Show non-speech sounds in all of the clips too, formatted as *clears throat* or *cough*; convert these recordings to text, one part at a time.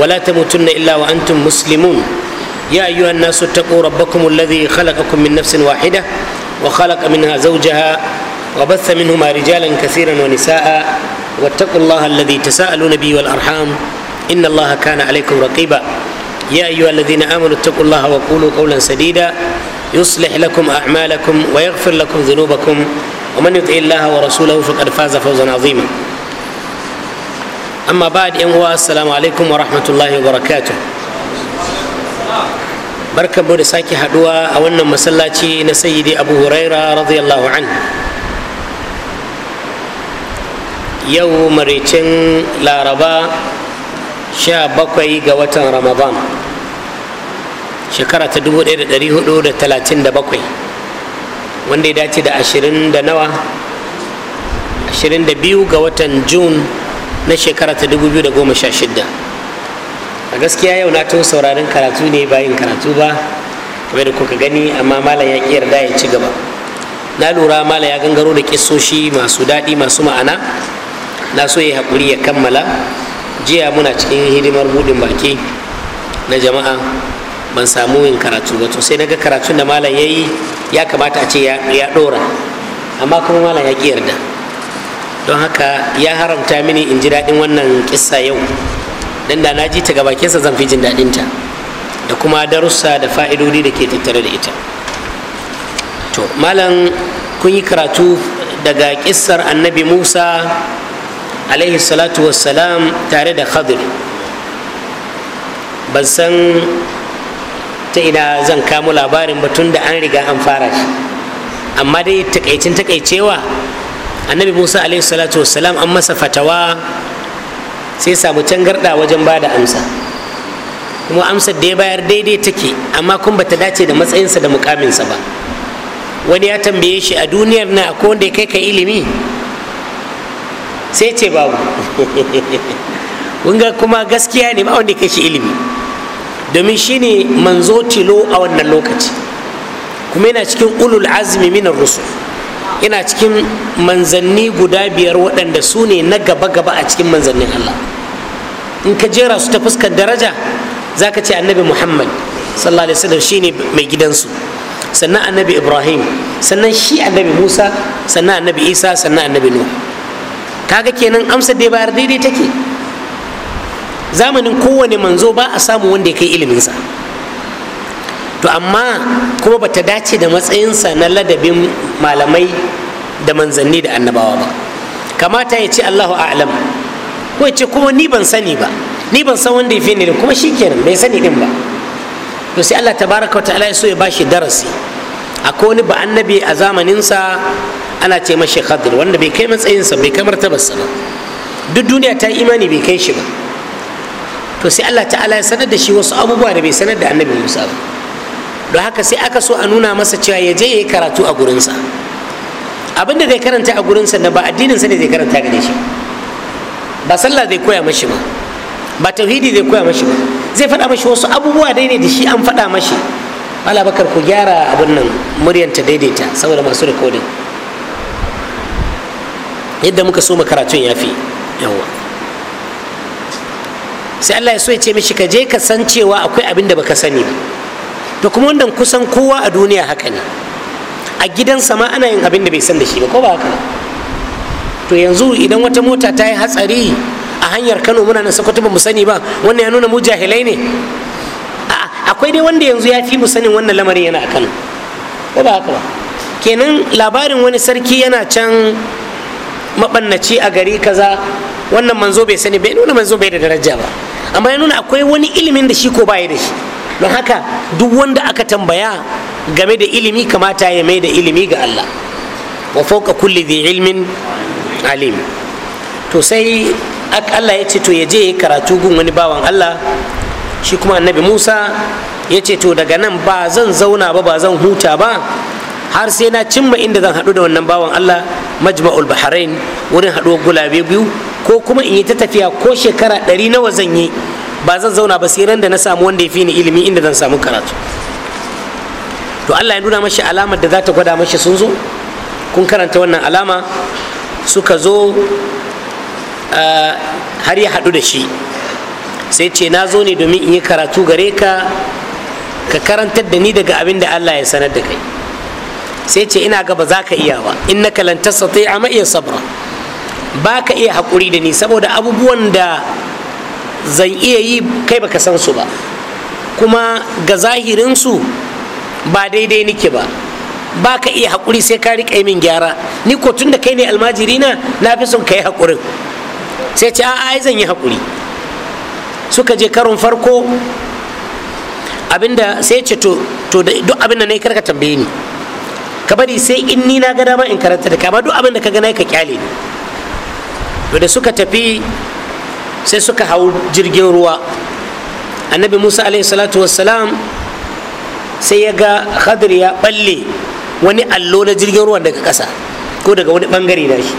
ولا تموتن الا وانتم مسلمون يا ايها الناس اتقوا ربكم الذي خلقكم من نفس واحده وخلق منها زوجها وبث منهما رجالا كثيرا ونساء واتقوا الله الذي تساءلون به والارحام ان الله كان عليكم رقيبا يا ايها الذين امنوا اتقوا الله وقولوا قولا سديدا يصلح لكم اعمالكم ويغفر لكم ذنوبكم ومن يطع الله ورسوله فقد فاز فوزا عظيما amma ba da uwa assalamu alaikum wa rahmatullahi wa barakatu. Barka da sake haɗuwa a wannan masallaci na sayyidi abu huraira radiyallahu an yau maricin laraba sha bakwai ga watan ramadan shekara ta 1437 wanda ya dace da ashirin da nawa 22 ga watan Jun. na shekara ta da shida a gaskiya yau na tun sauraron karatu ne bayan karatu ba kamar da kuka gani amma malam ya kiyar yarda ya ci gaba na lura malam ya gangaro da kisoshi masu daɗi masu ma'ana na so ya haƙuri ya kammala jiya muna cikin hidimar buɗin baki na jama'a ban samu yin karatu ba to sai ga karatun da malam ya yi ya kamata a ce ya ɗora amma kuma malam ya ƙi yarda don haka ya haramta mini in ji daɗin wannan kissa yau dan da na ji ta gabakinsa zan fi jin daɗinta da kuma darussa da fa'idodi da ke tattare da ita to malam kun yi karatu daga kisar annabi musa alaihi salatu wassalam tare da khadir ban san ta ina zan kamo labarin ba tun da an riga an fara shi amma dai takaicin takaicewa annabi musa alaihi salatu wassalam an masa fatawa sai samu tangarda wajen ba da amsa kuma amsar da ya bayar daidai take amma kun bata dace da matsayinsa da mukaminsa ba wani ya tambaye shi a duniyar na ko wanda ya kai ka ilimi sai ce babu *laughs* kuma gaskiya ne ma wanda ya kai shi ilimi domin shi shine manzo tilo a wannan lokaci kuma yana cikin ulul azmi minar rusu. yana cikin manzanni guda biyar waɗanda su ne na gaba-gaba a cikin manzannin Allah in ka jera su ta fuskar daraja za ka ce annabi muhammad sallallahu alaihi wasallam shine mai gidansu sannan annabi ibrahim sannan shi annabi musa sannan annabi isa sannan annabi nuh kaga kenan amsa dai bayar daidai take zamanin kowane manzo ba a samu wanda ya kai iliminsa to amma kuma bata dace da matsayinsa na ladabin malamai da manzanni da annabawa ba kamata ya ce allahu a'lam ko ya ce kuma ni ban sani ba ni ban san wanda ya fi ni kuma shi kenan bai sani din ba to sai allah Ta baraka wata ta'ala ya so ya bashi darasi akwai wani ba annabi a zamaninsa ana ce mashi khadir wanda bai kai matsayinsa bai kai martabarsa ba duk duniya ta imani bai kai shi ba to sai allah ta'ala ya sanar da shi wasu abubuwa da bai sanar da annabi musa ba don haka sai aka so a nuna masa cewa ya je ya yi karatu a gurinsa abin da zai karanta a gurinsa na ba sa ne zai karanta gare shi ba sallah zai koya mashi ba ba tauhidi zai koya mashi ba zai faɗa mashi wasu abubuwa dai ne da shi an faɗa mashi mala bakar ku gyara abin nan muryanta daidaita saboda masu rikodin yadda muka so karatun ya fi yawa sai allah ya so ya ce mishi ka je ka san cewa akwai abin da baka sani ba to kuma wannan kusan kowa a duniya haka ne a gidansa ma ana yin abin da bai san da shi ba ko ba haka to yanzu idan wata mota ta yi hatsari a hanyar kano muna nan sokoto ba mu sani ba wannan ya nuna mu jahilai ne akwai dai wanda yanzu ya fi mu sanin wannan lamarin yana a kano ko ba haka ba kenan labarin wani sarki yana can mabannaci a gari kaza wannan manzo bai sani bai nuna manzo bai da daraja ba amma ya nuna akwai wani ilimin da shi ko baya da shi don haka duk wanda aka tambaya game da ilimi kamata ya mai da ilimi ga Allah wa fauka kulli dhi ilmin alim to sai Allah ya ce to ya je karatu gun wani bawan Allah shi kuma annabi Musa ya ce to daga nan ba zan zauna ba ba zan huta ba har sai na cimma inda zan haɗu da wannan bawan Allah majma'ul bahrain wurin haɗuwar gulabe biyu ko kuma in yi ta tafiya ko shekara ɗari nawa zan yi ba zan zauna ba sai ran da na samu wanda ya fi ni ilimi inda zan samu karatu to Allah ya nuna mashi alamar da za ta gwada mashi sun zo kun karanta wannan alama suka zo har ya haɗu da shi sai ce na zo ne domin in yi karatu gare ka ka karantar da ni daga abin da Allah ya sanar da kai sai ce ina ga ba za ka iya ba in na kalanta sa a ma'iya sabra ba ka iya haƙuri da ni saboda abubuwan da zan iya yi kai baka san su ba kuma ga zahirin su ba daidai nike ba ba ka iya haƙuri sai ka riƙa min gyara ni ko tun da kai ne almajiri na na fi son ka yi haƙurin sai ce a'a ai zan yi haƙuri suka je karon farko abinda sai ce to duk abinda na karka tambaye ni ka bari sai in ni na ga dama in karanta da ka amma duk abinda ka gana ka kyale ni to da suka tafi sai suka hau jirgin ruwa annabi musa salatu wassalam sai ya ga khadir ya balle wani allo na jirgin ruwan daga ƙasa ko daga wani bangare da shi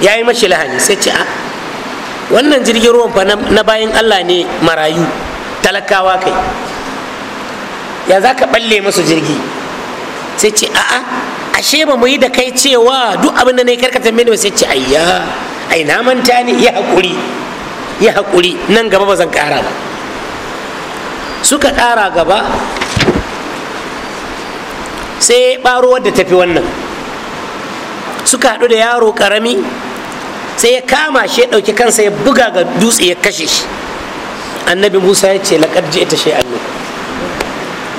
ya yi mashi lahani sai ce a wannan jirgin ruwan fa na bayan allah ne marayu talakawa kai ya za ka balle masu jirgi sai ce a'a ashe ba mu yi da kai cewa duk abin da na yi karkata mini sai ce ayya ai na manta ne ya haƙuri yi hakuri nan gaba ba zan ƙara ba suka ƙara gaba sai ɓaro wadda tafi wannan suka haɗu da yaro ƙarami sai ya kama shi ya ɗauki kansa ya buga ga dutse ya kashe shi annabi musa ya ce laƙar ji ita allo.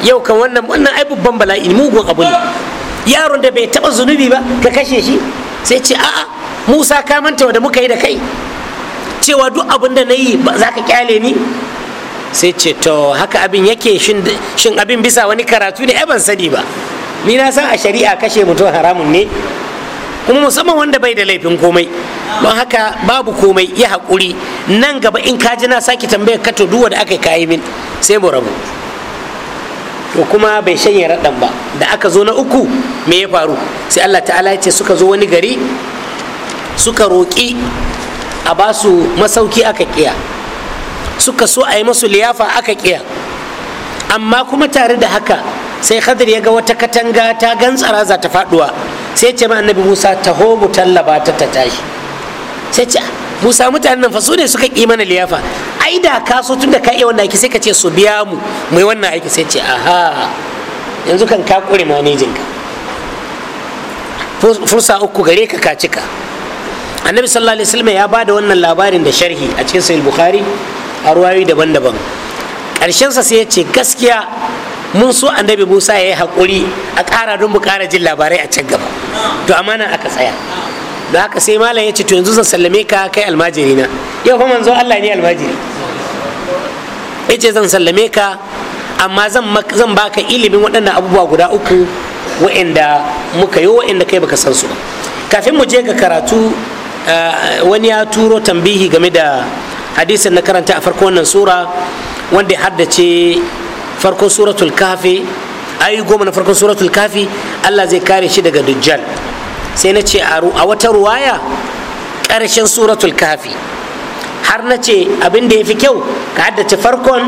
yau kan wannan wannan ai babban bala'i mugun abu ne yaron da bai taɓa zunubi ba ka kashe shi sai ce a'a musa ka manta da muka yi da kai cewa duk abin da na yi za ka kyale ni sai ce to haka abin yake shin abin bisa wani karatu ne ai ban sani ba ni na san a shari'a kashe mutum haramun ne kuma musamman wanda bai da laifin komai don haka babu komai ya haƙuri nan gaba in ka ji na sake tambayar ka to duwa da aka kayi min sai mu rabu to kuma bai shanye raɗan ba da aka zo na uku me ya faru sai Allah ta'ala ya ce suka zo wani gari suka roƙi a ba su masauki aka kiya suka so a yi masu liyafa aka kiya amma kuma tare da haka sai khadir ya ga wata katanga ta gantsara za ta faduwa sai ce ma annabi musa ho mu tallaba ta ta tashi sai ce musa mutanen nan fa su ne suka ki mana liyafa ai da ka so tun da ka iya wannan aiki sai ka ce su biya mu mu wannan aiki sai ce aha yanzu kan ka kure manejinka fursa uku gare ka ka cika annabi sallallahu alaihi wasallam ya bada wannan labarin da sharhi a cikin sahih bukhari a ruwayoyi daban-daban karshen sa sai ya ce gaskiya mun so annabi musa ya yi hakuri a ƙara don mu ƙara jin labarai a can gaba to amana aka tsaya da haka sai malam ya ce to yanzu zan sallame ka kai almajiri na yau kuma manzo Allah ne almajiri ya ce zan sallame ka amma zan zan baka ilimin waɗannan abubuwa guda uku wa'anda muka yi wa'anda kai baka san su ba kafin mu je ga karatu Eh, wani ya turo tambihi game da hadisin na karanta a farko wannan sura wanda ya haddace farkon suratul kafi ayi goma na farkon suratul kafi allah zai kare shi daga dujjal sai na ce a wata ruwaya ƙarshen suratul kafi har na ce abin da ya fi kyau ka haddace farkon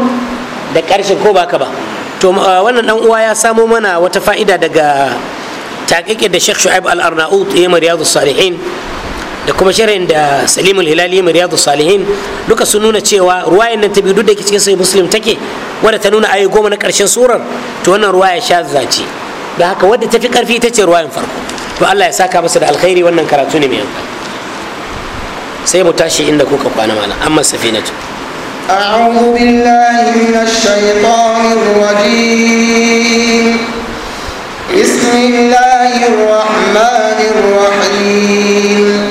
da ƙarshen ko baka ba to eh, wannan dan uwa ya samo mana wata fa'ida daga taƙiƙe da sheikh shu'aib al-arnaut ya mariyadu salihin da kuma shirin da salimu hilali mai riyadu salihin duka sun nuna cewa ruwayan nan ta biyu duk da ke cikin sai muslim take wadda ta nuna ayi goma na karshen surar to wannan ruwaya sha zace da haka wadda ta fi karfi ita ce ruwayan farko to allah ya saka masa da alkhairi wannan karatu ne mai amfani sai mu tashi inda kuka kwana mana amma safinatu أعوذ بالله من الشيطان الرجيم بسم الله الرحمن الرحيم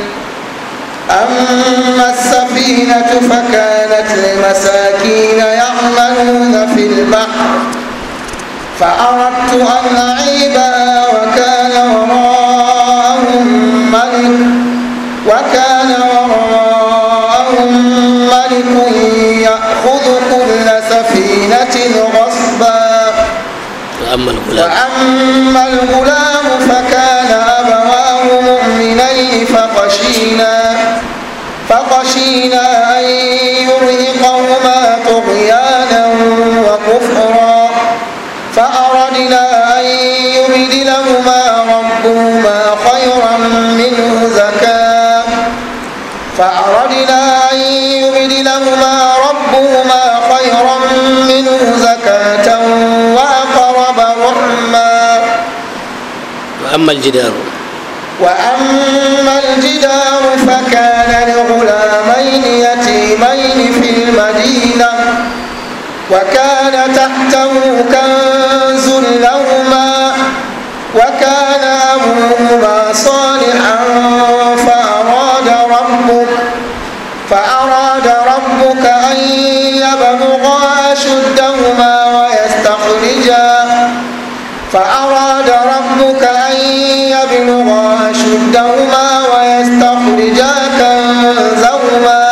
وأما السفينة فكانت لمساكين يعملون في البحر فأردت أن أعيبها وكان وراءهم ملك وكان وراءهم ملك يأخذ كل سفينة غصبا وأما الغلام, وأما الغلام فكان أبواه مؤمنين فخشينا أرينا أن يرهقهما طغيانا وكفرا فأردنا أن يبدلهما ربهما خيرا منه زكاة فأردنا أن يبدلهما ربهما خيرا منه زكاة وأقرب رحما وأما الجدار وأما الجدار فكان لغلامين يتيمين في المدينة وكان تحته كنز لهما وكان أبوهما صالحا فأراد ربك فأراد ربك أن يبلغا أشدهما ويستخرجا فأراد كنزهما ويستخرجا كنزهما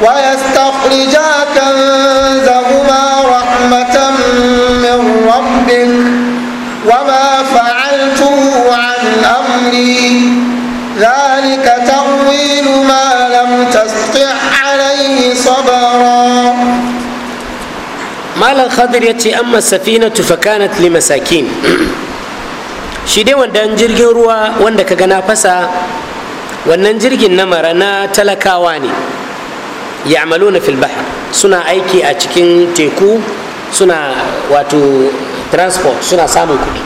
ويستخرجا كنزهما رحمة من ربك وما فعلته عن أمري ذلك تأويل ما لم تستطع عليه صبرا مال الخضر يتي أما السفينة فكانت لمساكين *clears throat* shi dai wannan jirgin ruwa wanda ka gana fasa wannan jirgin na mara na talakawa ne ya na filbaha suna aiki a cikin teku suna wato transport suna samun kuɗi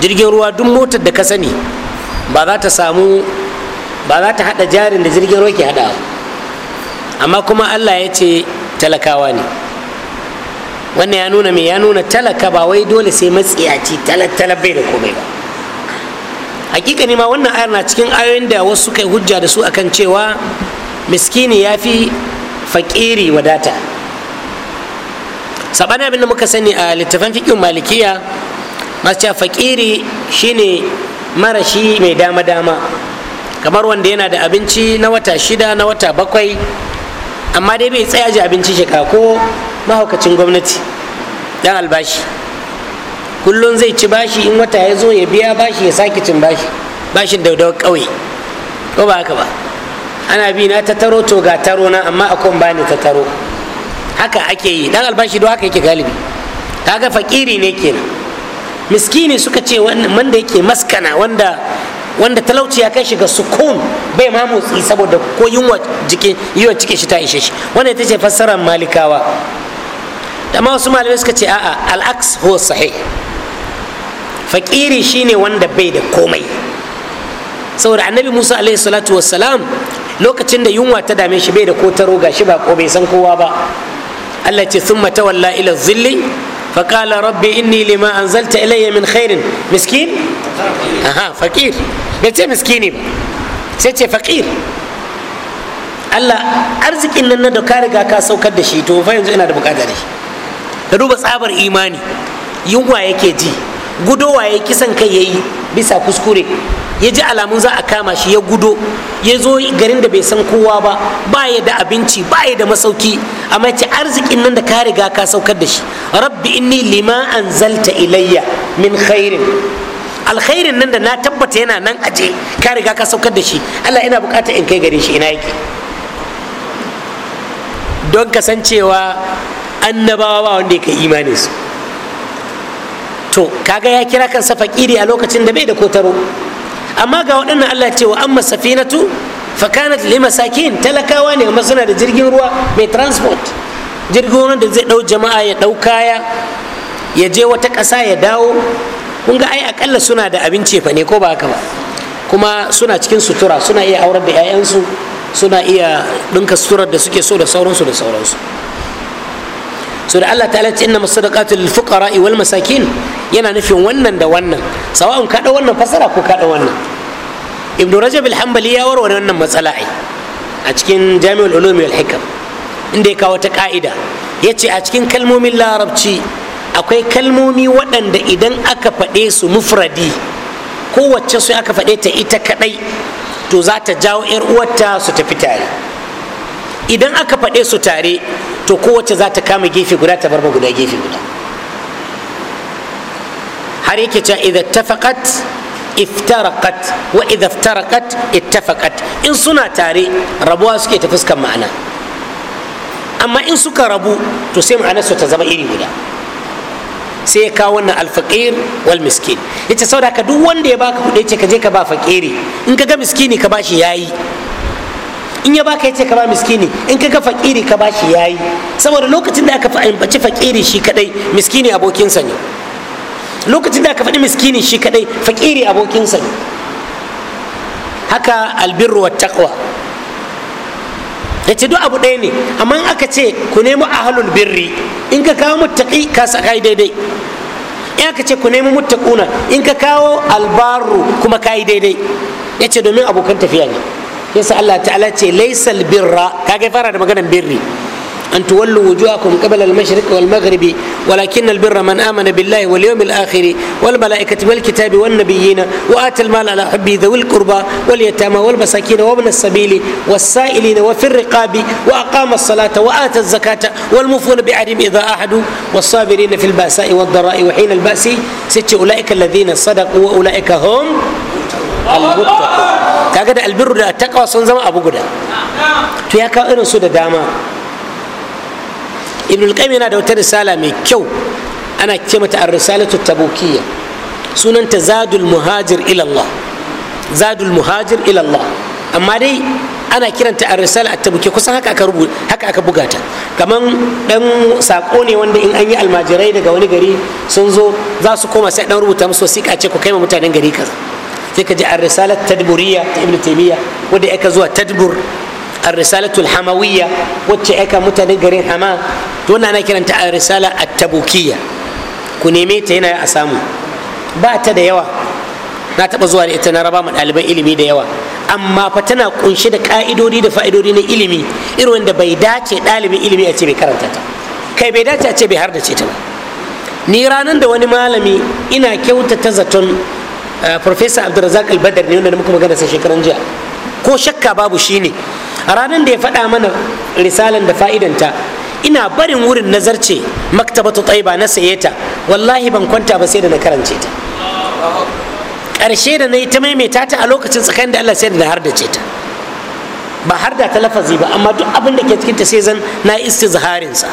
jirgin ruwa duk motar da ka sani ba za ta samu ba za ta haɗa jarin da jirgin ruwa ke hada amma kuma allah ya ce talakawa ne wannan ya nuna mai ya nuna talaka ba wai dole sai matsiyaci talattala bai da komai ba hakika ne ma wannan ayar na cikin ayoyin da wasu kai hujja da su akan cewa miskini ya fi faƙiri wadata saɓanin abin da muka sani a littafan fikin malikiya masu cewa fakiri shine marashi mai dama-dama kamar wanda yana da abinci na wata shida na wata bakwai amma dai bai tsaya ji abinci shika ko mahaukacin gwamnati dan albashi kullum zai ci bashi in wata ya zo ya biya bashi ya sake cin bashi bashin daudawar ƙauye ko ba haka ba ana bi na ta taro to ga taro na amma a kon bani ta taro haka ake yi dan albashi don haka yake galibi kaga fakiri ne kenan miskini suka ce wanda yake maskana wanda wanda talauci ya kai shi ga sukun bai ma motsi saboda ko yunwa yiwa cikin shi ta ishe shi wanda ita ce fassarar malikawa amma wasu malamai suka ce a'a al'aks ho sahi fakiri shine wanda bai da komai saboda annabi musa alaihi salatu wassalam lokacin da yunwa ta dame shi bai da kotaro ga shi ba ko bai san kowa ba allah ce sun matawalla ila zilli فقال ربي إني لما أنزلت إلي من خير مسكين أها فقير بيت مسكيني سيتي فقير Allah arzikin nan na da riga ka saukar da shi to fa yanzu ina da bukata da duba tsabar imani yunwa yake ji gudowa ya kisan kai yayi bisa kuskure ya ji alamun za a kama shi ya gudo ya zo garin da bai san kowa ba ba ya da abinci ba ya da masauki amma ce arzikin nan da ka riga ka saukar da shi rabbi inni lima anzalta ilayya min khairin alkhairin nan da na tabbata yana nan aje ka riga ka saukar da shi Allah ina bukata in kai garin shi ina yake don kasancewa annabawa ba wanda ya imani su to kaga ya kira kansa fakiri a lokacin da bai da kotaro amma ga waɗannan allah ce wa amma safinatu fakanat li masakin talakawa ne amma suna da jirgin ruwa mai transport jirgin ruwan da zai ɗau jama'a ya ɗaukaya kaya ya je wata ƙasa ya dawo kun ga ai akalla suna da abinci fa ne ko ba haka ba kuma suna cikin sutura suna iya aurar da 'ya'yansu suna iya ɗinka suturar da suke so da sauransu da sauransu so da Allah ta'ala ce inna masadaqatu lil fuqara wal masakin yana nufin wannan da wannan sawa'un kada wannan fasara ko kada wannan ibnu rajab al-hanbali ya warware wannan matsala ai a cikin jami'ul ulumi wal hikam inda ya kawo ta ka'ida yace a cikin kalmomin larabci akwai kalmomi waɗanda idan aka faɗe su mufradi kowace su aka faɗe ta ita kaɗai to za ta jawo 'yar uwarta su tafi tare idan aka faɗe su tare to kowace za ta kama gefe guda ta bar ma guda gefe guda har yake can idha tafaqat iftaraqat wa idha iftaraqat ittafaqat in suna tare rabuwa suke ta fuskan ma'ana amma in suka rabu to sai su ta zama iri guda sai ya kawo wannan alfaqir wal miskin yace saboda ka duk wanda ya baka kuɗi ce ka je ka ba fakiri in ka ga miskini ka bashi yayi in ya baka yace ka ba miskini in ka ga fakiri ka bashi yayi saboda lokacin da aka baci fakiri shi kadai miskini sa ne lokacin da aka faɗi miskini shi kadai fakiri sa ne haka albirru wa taqwa yace duk abu ɗaya ne amma aka ce ku nemi ahlul birri in ka kawo muttaqi ka sakai daidai in aka ce ku nemi muttaquna in ka kawo albaru kuma kai daidai yace domin abokan tafiya ne يسعى الله تعالى ليس البر كيف أرى مقالا بري أن تولوا وجوهكم قبل المشرق والمغرب ولكن البر من آمن بالله واليوم الآخر والملائكة والكتاب والنبيين وآتى المال على حبه ذوي القربى واليتامى والمساكين وابن السبيل والسائلين وفي الرقاب وأقام الصلاة وآتى الزكاة والمفون بعهدهم إذا أحد والصابرين في البأساء والضراء وحين البأس ست أولئك الذين صدقوا وأولئك هم ka kaga da albirru da taqwa sun zama abu guda to ya kawo irin su da dama ibnu al yana da wata risala mai kyau ana ce mata ar-risalatu tabukiyya sunanta zadul muhajir ila Allah zadul muhajir ila Allah amma dai ana kiranta a risala a tabuke kusan haka aka rubu haka aka buga ta kaman dan sako ne wanda in an yi almajirai daga wani gari sun zo za su koma sai dan rubuta musu wasiƙa ce ku kai ma mutanen gari kaza sai ka ji a risalar tadburiya ta ibn taimiyya wadda aka zuwa tadbur a risalatul hamawiyya wacce aka mutanen garin hama to na kiranta a risala a tabukiyya ku neme ta yana a samu ba ta da yawa na taɓa zuwa da ita na raba ɗalibai ɗaliban ilimi da yawa amma fa tana kunshe da ka'idodi da fa'idodi na ilimi irin wanda bai dace ɗalibin ilimi a ce bai karanta ta kai bai dace a ce bai hardace ta ba ni ranar da wani malami ina kyautata zaton Eh, professor abdulrazak albadar ne wanda muka magana sai shekaran jiya ko shakka babu shine a ranar da ya faɗa mana risalan da fa'idanta ina barin wurin nazarce maktabatu taiba na saye ta wallahi ban kwanta ba sai da na karance ta ƙarshe da na yi ta maimaita ta a lokacin tsakanin da allah sai da na har da ce ta ba har da ta lafazi ba amma duk abin da ke cikinta sai zan na zaharinsa.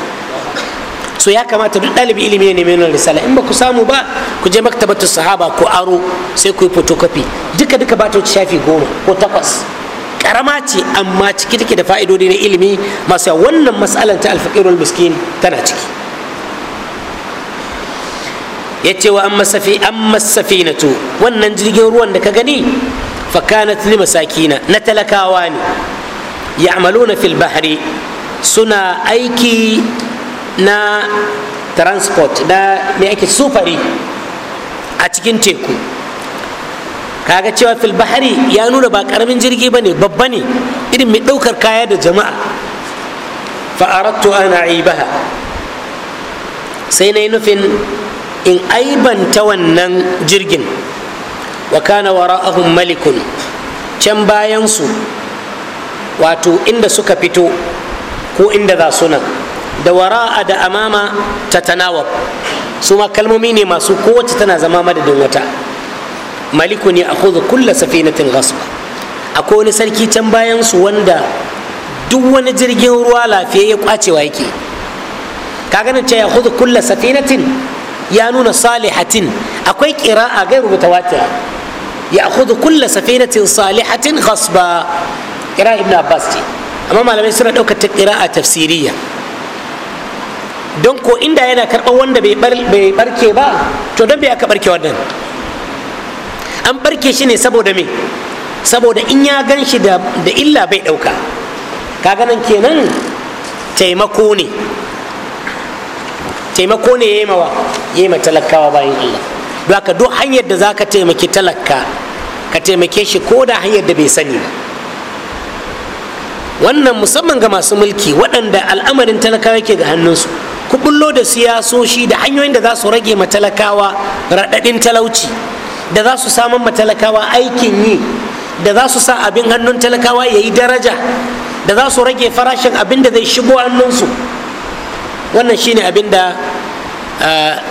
so ya kamata duk ɗalibi ilimi ya nemi wannan risala in ba ku samu ba ku je maktabatu sahaba ko aro sai ku yi photocopy duka duka ba ta wuce shafi goma ko takwas karama ce amma ciki take da fa'idodi na ilimi masu yawa wannan matsalar ta alfaqirul miskin tana ciki ya ce wa amma safi amma wannan jirgin ruwan da ka gani fakanat li masakina na talakawa ne ya'maluna fil bahri suna aiki na transport na me ake sufari a cikin teku kaga cewa filbahari ya nuna ba karamin jirgi ba ne babba ne irin mai ɗaukar kaya da jama'a fa'arattu ana ibaha. sai na yi nufin in aibanta wannan jirgin wa kana ra'ahun malikun can bayansu wato inda suka fito ko inda za su nan da wara'a da amama ta tanawab su ma kalmomi ne masu kowace tana zama madadin wata maliku ne a kudu kulla safinatin ghasba akwai wani sarki can bayan su wanda duk wani jirgin ruwa lafiya ya kwacewa yake ka ganin ce ya kudu kulla safinatin ya nuna salihatin akwai kira'a rubuta, mutawatira ya kudu kulla safinatin salihatin ghasba kira ibn abbas ce amma malamai suna ɗaukata ta kira'a tafsiriyya don ko inda yana karɓar wanda bai barke ba to don bai aka barke wannan an barke shi ne saboda me saboda in ya gan shi da illa bai ɗauka kaga nan kenan taimako ne taimako ne ya yi mawa ya yi ma talakawa bayan allah don haka duk hanyar da za ka taimaki talaka ka taimake shi ko da hanyar da bai sani ba wannan musamman ga masu mulki waɗanda al'amarin talakawa ke ga hannunsu ku bullo da siyasoshi da hanyoyin da za su rage matalakawa raɗaɗin talauci da za su samun matalakawa aikin yi da za su sa abin hannun talakawa ya yi daraja da za su rage farashin abin da zai shigo hannunsu wannan shine abin da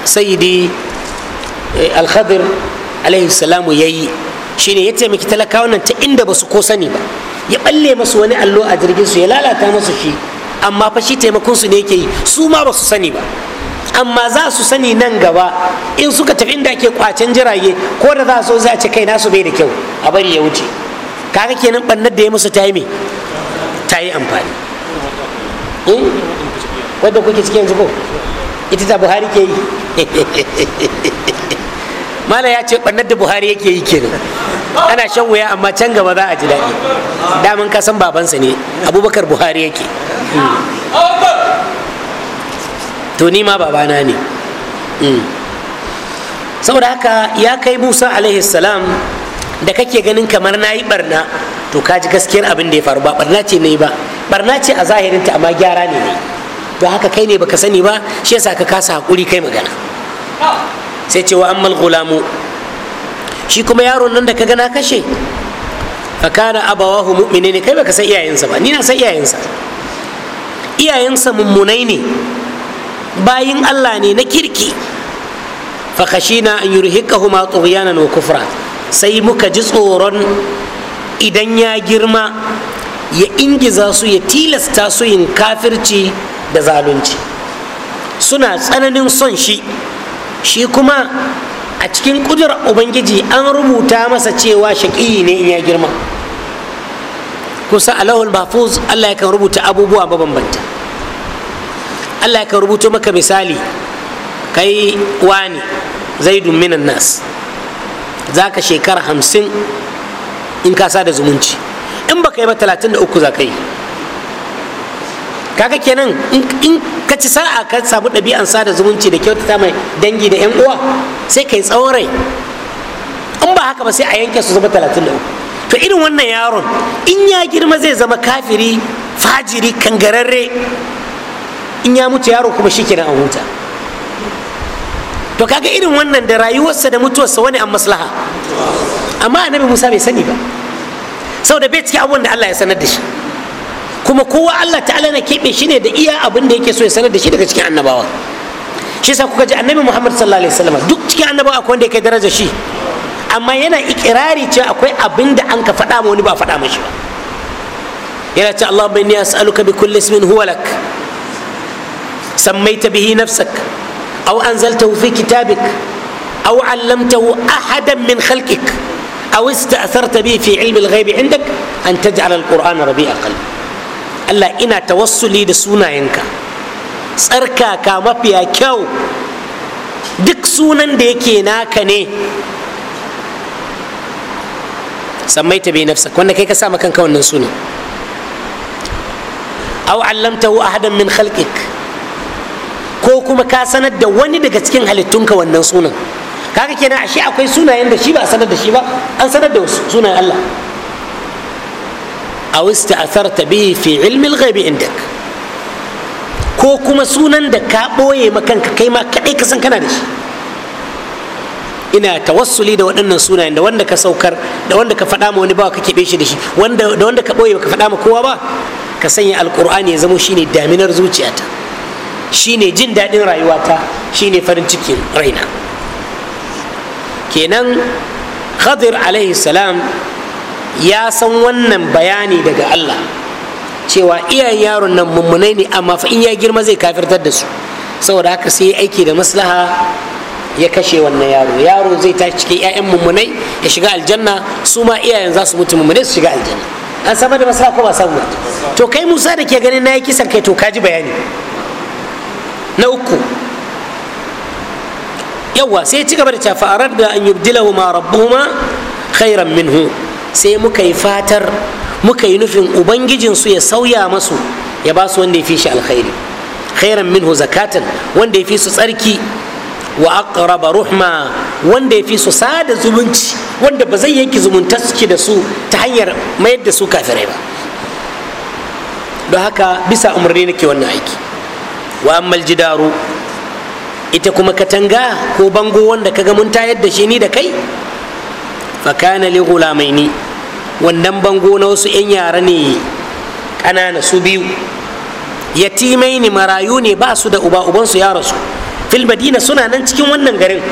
sayidi eh, alkhadir alaihi salamu ya yi shine ya taimaki talakawa nan ta inda ba su ko sani ba ya balle masu wani allo a jirgin su ya lalata masu shi amma fa shi taimakon su ne yake yi su ma ba su sani ba amma za su sani nan gaba in suka tafi inda ake kwacen jirage ko da za su za ce kai nasu bai da kyau a bari ya wuce kaga kenan bannar da ya musu ta yi me ta yi amfani eh? wadda kuke cikin yanzu ko ita ta buhari ke yi *laughs* mala ya ce bannar da buhari yake yi kenan ana shan wuya amma can gaba za a ji daɗi daman ka san babansa ne abubakar buhari yake to ni ma babana ne mm. saboda haka ya kai musa alaihi salam da kake ganin kamar na yi barna to ka ji gaskiyar abin da ya faru ba barna ce ne ba barna ce a zahirinta amma gyara ne ne to haka kai ne baka sani ba shi yasa ka kasa hakuri kai magana sai cewa ammal gulamu shi kuma yaron nan da ka gana kashe fa kana abawahu mu'minai ne kai baka san iyayensa ba ni na san iyayensa iyayensa mummunai ne bayin Allah ne na kirki fa khashina an yurhiqahuma tughyanan wa kufra sai muka ji tsoron idan ya girma ya ingiza su ya tilasta su yin kafirci da zalunci suna tsananin son shi shi kuma a cikin ƙudurar ubangiji an rubuta masa cewa shaƙi ne in ya girma kusa alahul mahfuz allah ya kan rubuta abubuwa mabambanta allah ya kan rubuto maka misali kai wani zaidun minan nas za ka shekara hamsin in ka sa da zumunci in ba ka yi ba talatin da uku za ka yi kaga kenan in ka ci sa'a ka samu ɗabi'an da zumunci da kyautata mai dangi da yan uwa sai kai tsawon rai in ba haka ba sai a yanke su zama talatin da to irin wannan yaron in ya girma zai zama kafiri fajiri kangararre in ya mutu yaro kuma shi kenan a huta to kaga irin wannan da rayuwarsa da mutuwarsa wani an maslaha amma annabi musa bai sani ba saboda bai cikin abubuwan da allah ya sanar da shi kuma kowa Allah ta'ala na keɓe shi ne da iya abin da yake so ya sanar da shi daga cikin annabawa shi sa kuka ji annabi Muhammad sallallahu alaihi wasallam duk cikin annabawa akwai wanda yake daraja shi amma yana ikirari cewa akwai abin da an ka faɗa ma wani ba faɗa mashi ba yana ce Allah bai niya as'aluka bi kulli ismin huwa lak sammaita bihi nafsak aw anzaltahu fi kitabik aw 'allamtahu ahadan min khalqik aw ista'tharta أو fi ilmi al علم indak an أن al-qur'ana rabi'a qalbi Allah ina tawassuli da sunayenka tsarkaka mafiya kyau duk sunan da yake naka ne sammai ta bai nafsa wanda kai ka sa kanka wannan suna au allamtahu ahadan min khalqik ko kuma ka sanar da wani daga cikin halittunka wannan sunan kaga kenan ashe akwai sunayen da shi ba a sanar da shi ba an sanar da sunan Allah أو استأثرت به في علم الغيب عندك ko kuma sunan da ka ɓoye makanka kai ma ka san kana da shi ina tawassuli da waɗannan sunayen da wanda ka saukar da wanda ka faɗa ma wani bawa ka keɓe shi da shi da wanda ka ɓoye ka faɗa ma kowa ba ka sanya alƙur'ani ya zamo shine daminar zuciyata shine jin daɗin rayuwata shine farin cikin raina kenan khadir alaihi salam ya san wannan bayani daga Allah cewa iyayen yaron nan mummunai ne amma fa in ya girma zai kafirtar da su saboda haka sai ya aiki da maslaha ya kashe wannan yaro yaro zai tashi cikin 'ya'yan mummunai ya shiga aljanna su ma iyayen za su mutu mummunai su shiga aljanna an samar da maslaha ko ba samu ba to kai musa da ke ganin na yi kisan kai to kaji bayani na uku yawa sai ya ci gaba da cafa a da an ma rabbuhuma khairan minhu sai muka yi fatar muka yi nufin ubangijinsu ya sauya masu ya ba su wanda ya fi shi alkhairi khairan minhu zakatan wanda ya fi su tsarki wa aqraba ruhma wanda ya fi su sada zumunci wanda ba zai yanki suke da su ta hanyar mayar da su kafirai ba don haka bisa umarni nake wannan aiki wa ammal jidaru ita kuma katanga ko bango wanda kaga mun tayar da shi ni da kai fakana li gulamaini wannan bango na wasu 'yan yara ne kanana su biyu yatimai ne marayu ne ba su da uba ubansu ya rasu fil madina suna nan cikin wannan garin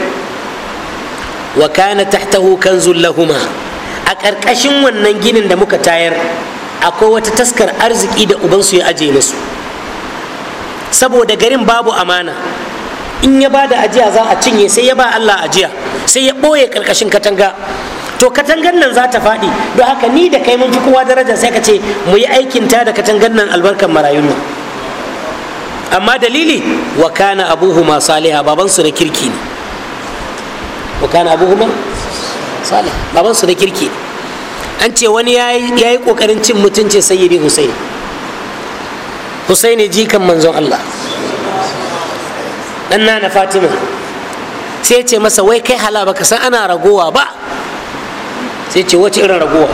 wa kana tahtahu kanzul lahuma a ƙarƙashin wannan ginin da muka tayar akwai wata taskar arziki da ubansu ya aje musu saboda garin babu amana in ya ba da ajiya za a cinye sai ya ba allah ajiya sai ya ɓoye ƙarƙashin katanga to katangar nan za ta faɗi don haka ni da kai mun fi kowa daraja sai ka ce mu yi aikin ta da katangar nan albarkan marayun nan amma dalili wa kana abuhuma saliha baban su na kirki ne wa kana abuhuma salih baban su na kirki an ce wani ya yi kokarin cin mutuncin sayyidi husaini husaini jikan manzon allah ɗan nana fatima sai ce masa wai kai hala baka san ana ragowa ba sai ce wace irin raguwa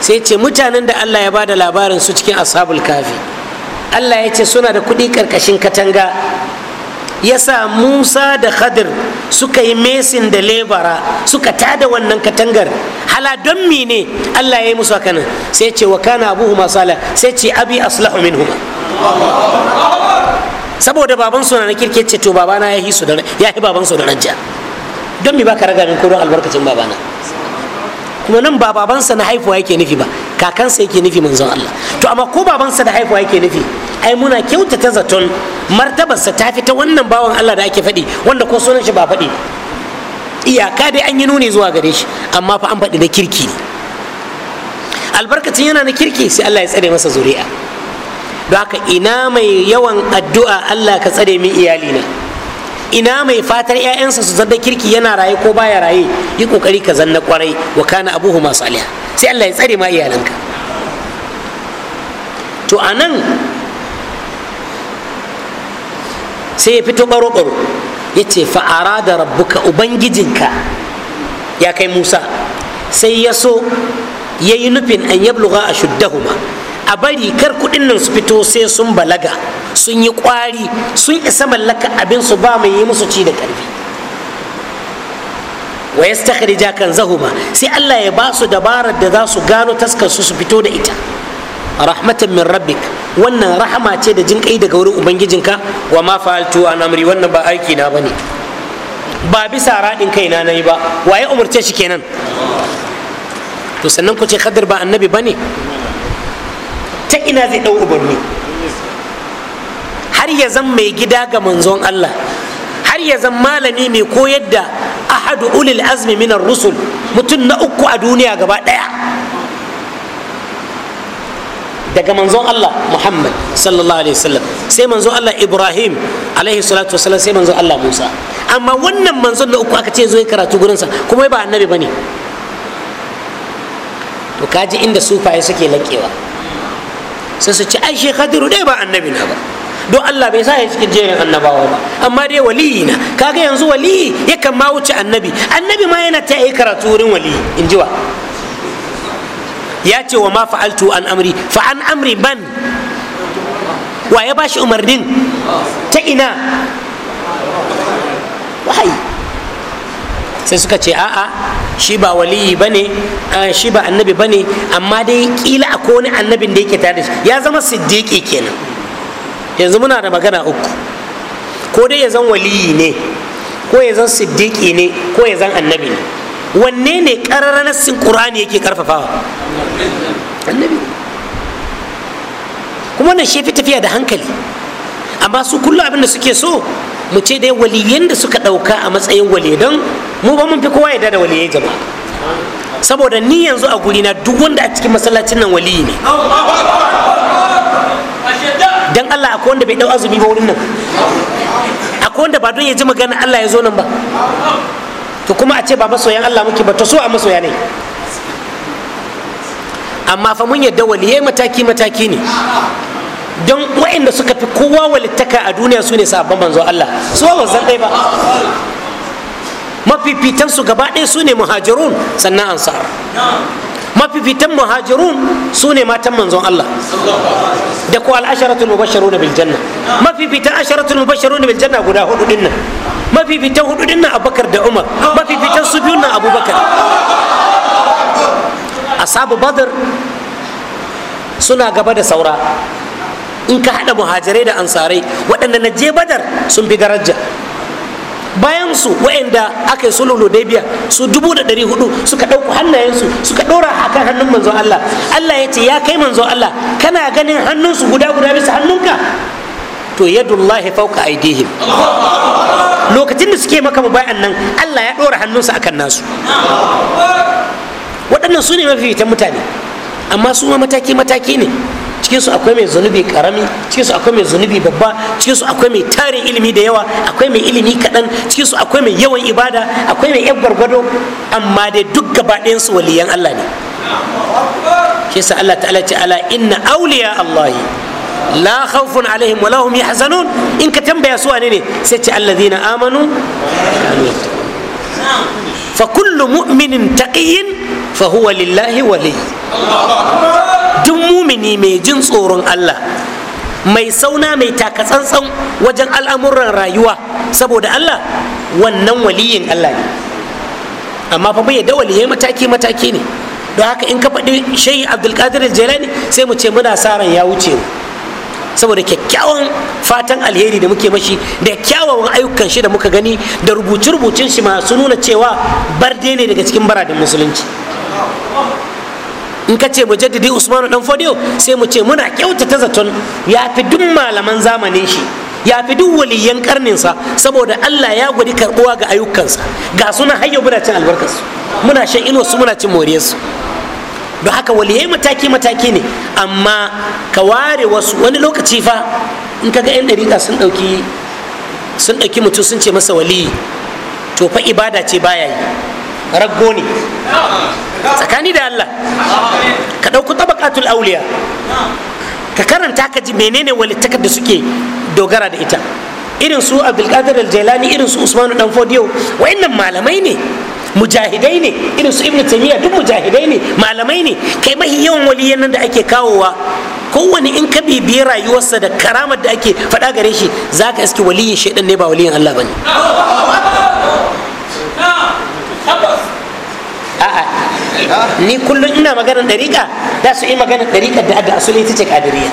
sai ce mutanen da allah ya ba da labarin su cikin ashabul kafi allah ya ce suna da kuɗi ƙarƙashin katanga ya sa musa da khadir suka yi mesin da lebara suka tada wannan katangar hala don mine allah ya yi musu haka nan sai ce wa kana abuhu masala sai ce abi aslahu huma saboda baban su na kirke ce to babana ya yi su da rajja don mi baka raga min ko albarkacin babana kuma nan ba babansa na haifuwa yake nufi ba kakansa yake nufi manzon Allah to amma ko babansa da haifuwa yake nufi ai muna kyautata zaton martabarsa ta fi ta wannan bawan Allah da ake faɗi wanda ko sunan shi ba faɗi iyaka dai an yi nuni zuwa gare shi amma fa an faɗi na kirki ne albarkacin yana na kirki sai Allah ya tsare masa zuri'a don haka ina mai yawan addu'a Allah ka tsare min iyali iyalina ina mai fatar ƴaƴansa su zanna kirki yana raye ko baya raye yi kokari ka zanna kwarai wa kana abuhu masu aliya sai allah ya tsare ma iyalanka to a nan sai ya fito baro-baro ya ce fa'ara da rabbuka ubangijinka ya kai musa sai ya so ya yi nufin an yabluga a shuddahuma a bari kar kuɗin nan su fito sai sun balaga sun yi ƙwari sun isa mallaka abin su ba mai yi musu ci da ƙarfi wa ya stakhrija kan zahuma sai Allah ya ba su dabarar da za su gano taskar su su fito da ita rahmatan min rabbik wannan rahama ce da jin kai daga wurin ubangijinka wa ma fa'altu an amri wannan ba aiki na bane ba bisa radin kaina nayi ba waye umurce shi kenan to sannan ku ce kadir ba annabi bane ta ina zai ɗau umarni har ya zan mai gida ga manzon Allah har ya zan malami mai koyar da ahadu ulil azmi minar rusul mutum na uku a duniya gaba ɗaya daga manzon Allah Muhammad sallallahu alaihi wasallam sai manzon Allah Ibrahim alaihi salatu wasallam sai manzon Allah Musa amma wannan manzon na uku aka ce zo ya karatu gurinsa kuma ba annabi bane to kaji inda sufaye suke laƙewa sai su ci ai shi khadiru dai ba annabi na ba don Allah bai sa ya cikin jerin annabawa ba amma dai waliyi na kaga yanzu waliyi yakan ma wuce annabi annabi ma yana ta yi karatu wurin waliyi in ji wa ya ce wa ma fa'altu an amri fa an amri ban wa ya bashi umarnin ta ina wahayi sai suka ce a'a shi ba waliyi ne, shi ba annabi ba ne, amma dai kila a wani annabin da yake tare da shi ya zama siddiƙi kenan yanzu muna da magana uku ko dai ya zan waliyi ne ko ya zan siddiƙi ne ko ya zan annabi ne wanne ne ƙararren nassin qur'ani yake karfafawa annabi kuma wannan shi fi tafiya da hankali amma su kullum abin da suke so mu ce dai waliyan da suka ɗauka a matsayin waliyan don mu ba mun fi kowa yadda da waliyan jama'a saboda ni yanzu a gurina duk wanda a cikin masallacin nan waliyi ne dan Allah akwai wanda bai dau azumi ba wurin nan akwai wanda ba don ya ji magana Allah ya zo nan ba to kuma a ce ba masoyan Allah muke ba to so a masoya ne amma fa mun yadda waliyai mataki mataki ne don waɗanda suka fi kowa walittaka a duniya su ne sabon manzo Allah su ba zan ba mafifitan su gaba ɗaya su ne muhajirun sannan ansar mafifitan muhajirun su ne matan manzon Allah da ko al'asharatul mubashsharuna bil janna mafifitan asharatul mubashsharuna bil janna guda hudu dinnan mafifitan hudu dinnan Abubakar da Umar mafifitan su biyun nan Abubakar asabu badar suna gaba da saura in ka haɗa muhajirai da ansarai waɗanda na je badar sun fi daraja bayan su waɗanda aka yi sulhu hudaybiya su dubu da ɗari hudu suka ɗauko hannayensu suka ɗora a kan hannun manzo Allah Allah ya ce ya kai manzo Allah kana ganin hannunsu guda guda bisa hannunka to yadullahi fauka aidihim lokacin da suke maka mubayan nan Allah ya ɗora hannunsa akan nasu waɗannan su ne mafifitan mutane amma su ma mataki mataki ne cikinsu akwai mai zunubi karami cikinsu akwai mai zunubi babba cikinsu akwai mai tarin ilimi da yawa akwai mai ilimi kaɗan cikinsu akwai mai yawan ibada akwai mai yan gwargwado amma dai duk gaba waliyan allah ne shi allah ta'ala ce ala inna auliya allahi la khawfun alaihim wa lahum yahzanun in ka tambaya su wane ne sai ce alladhina amanu fa kullu mu'minin taqiyin fa huwa lillahi wali duk mumini mai jin tsoron Allah mai sauna mai takatsantsan wajen al'amuran rayuwa saboda Allah wannan waliyin Allah ne amma fa bai da waliyai mataki mataki ne don haka in ka faɗi shehi abdulkadir jelani sai mu ce muna sa ran ya wuce saboda kyakkyawan fatan alheri da muke mashi da kyawawan ayyukan shi da muka gani da rubuce-rubucen shi masu nuna cewa barde ne daga cikin baradin musulunci in ka ce mu jaddadi usmanu dan fodiyo sai mu ce muna kyautata zaton ya fi duk malaman zamanin shi ya fi duk waliyan karninsa saboda allah ya gwadi karbuwa ga ayyukansa ga suna hayyo muna cin albarkarsu muna shan su muna cin moriyarsu don haka waliyai mataki mataki ne amma ka ware wasu wani lokaci fa in ka ga yan dariƙa sun ɗauki sun ɗauki mutum sun ce masa waliyi to fa ibada ce baya yi raggo ne tsakani da Allah ka ɗauku tabakatul auliya ka karanta ka ji menene walittakar da suke dogara da ita irin su abdulkadir jailani irin su usmanu dan fodiyo wa'annan malamai ne mujahidai ne irin su ibnu taymiya duk mujahidai ne malamai ne kai mahi yawan waliyan nan da ake kawowa kowane in ka bibiye rayuwarsa da karamar da ake faɗa gare shi zaka iske waliyin shaidan ne ba waliyin Allah bane ni kullum ina maganar ɗariƙa da su yi maganar ɗariƙar da adda asali ita ce ƙadiriya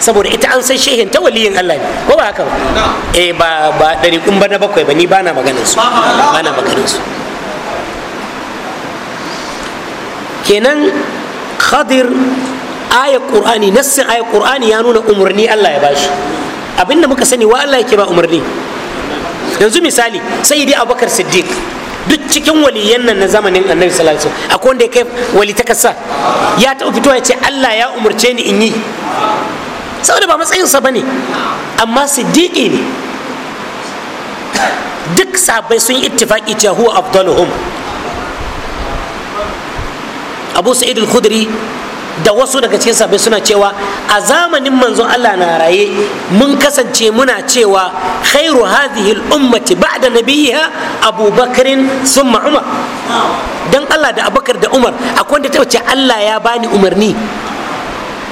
saboda ita an san shehin ta waliyin Allah ne ko ba haka ba eh ba ba ɗariƙun ba na bakwai ba ni ba na maganar su ba na maganar su kenan khadir ayar qur'ani nassin ayar qur'ani ya nuna umarni Allah ya bashi abinda muka sani wa Allah yake ba umarni yanzu misali sai dai abubakar siddiq duk cikin waliyan nan na zamanin annabi sallallahu alaihi wasallam akwai wanda ya kai wali ta kasa ya taɓa fito ya ce Allah ya umarce ni in yi saboda ba matsayinsa bane amma siddiqi ne duk sabai sun yi ittifaqi cewa huwa afdaluhum abu sa'id al-khudri da wasu daga cikin sabai suna cewa a zamanin manzo Allah na raye mun kasance muna cewa khairu hadhihi al-ummati ba'da nabiyha Abu Bakr thumma Umar dan Allah da Abubakar da Umar akwai wanda ta ce Allah ya bani umarni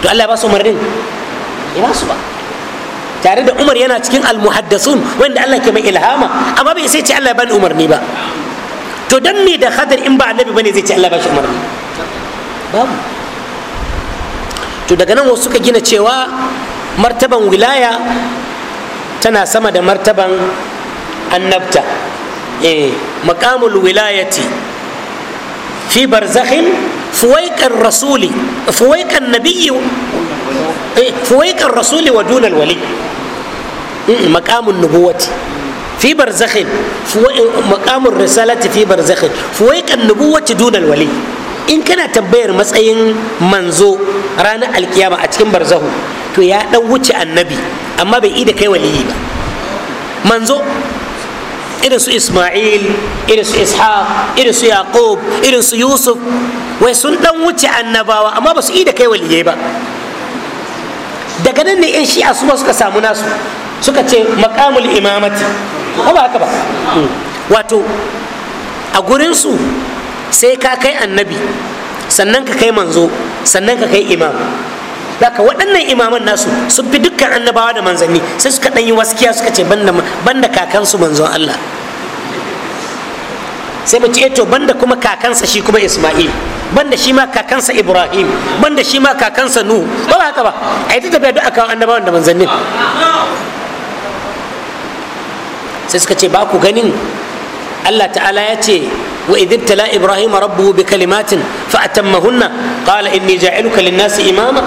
to Allah ya ba su umarnin ya ba su ba tare da Umar yana cikin al-muhaddasun wanda Allah ke mai ilhama amma bai sai ce Allah ya bani umarni ba to dan me da Khadir in ba annabi bane zai ce Allah ya ba shi umarni babu to daga nan wasu ka gina cewa martaban wilaya tana sama da martaban annabta eh maqamul wilayati fi barzakhin fuwaiqar rasuli fuwaiqan nabiyyi eh fuwaiqar rasuli wa dunal wali mm, maqamun nubuwati fi barzakhin eh, maqamur risalati fi barzakhin fuwaiqan nubuwati dunal wali in kana tambayar matsayin manzo ranar alkiyama a cikin barzahu to ya dan wuce annabi amma bai ida kai waliyi ba manzo irin su isma'il irin su ishaq irin su yaqub irin su yusuf wai sun dan wuce annabawa amma ba su ida kai waliyai ba daga nan ne yan shi'a su suka samu nasu suka ce maqamul imamati ko ba haka ba wato a gurinsu sai ka kai annabi sannan ka kai manzo sannan ka kai imam daga waɗannan imaman nasu sun fi dukkan annabawa da manzanni sai suka ɗanyi yi waskiya suka ce banda kakansu manzon Allah sai mu ce eh ban banda kuma kakansa shi kuma Isma'il banda shi ma kakansa Ibrahim banda shi ma kakansa nu ba haka ba yi ta tafiya duk akan annabawan da manzannin sai suka ce ba ku ganin Allah ta'ala ya ce wa idh tala ibrahim rabbuhu bi kalimatin fa atammahunna qala inni ja'iluka lin-nasi imama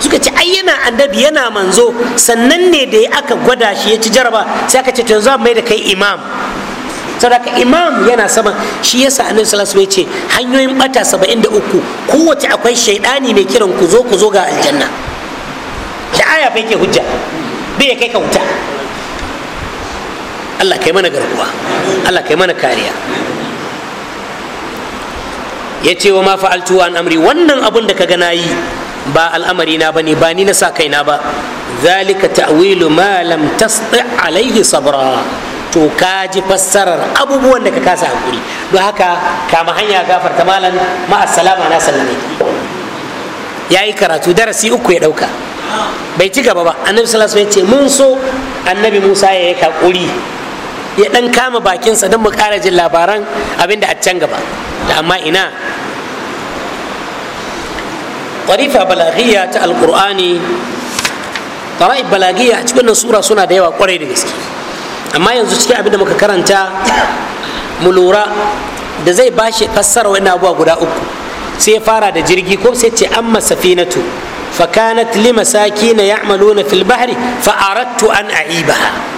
suka ce ai yana annabi yana manzo sannan ne da ya aka gwada shi ya ci jaraba sai aka ce to yanzu mai da kai imam saboda imam yana sama shi yasa annabi sallallahu alaihi wasallam ya ce hanyoyin bata 73 kowace akwai shaidani mai kiran ku zo ku zo ga aljanna da aya fa yake hujja bai kai ka wuta Allah kai mana garkuwa Allah kai mana kariya ya ce wa ma fa'altu an amri wannan abun da ka gana nayi ba al'amari na ba ne ba ni na sa kaina ba zalika ta'wilu ma lam tasdi alayhi sabra to ka ji fassarar abubuwan da ka kasa hakuri don haka kama hanya gafarta malam ma assalama na sallame ya yi karatu darasi uku ya dauka bai ci gaba ba annabi sallallahu alaihi wasallam ya ce mun so annabi musa ya yi hakuri ya dan kama bakinsa don mu kara jin labaran abinda a can gaba da amma ina tarifa balagiya ta alkur'ani tara'ib balagiya a cikin sura suna da yawa kwarai da gaske amma yanzu cikin abinda muka karanta mu lura da zai bashi fassara wani abuwa guda uku sai ya fara da jirgi ko sai ce amma safinatu فكانت ya'maluna fil bahri fa aradtu an a'ibaha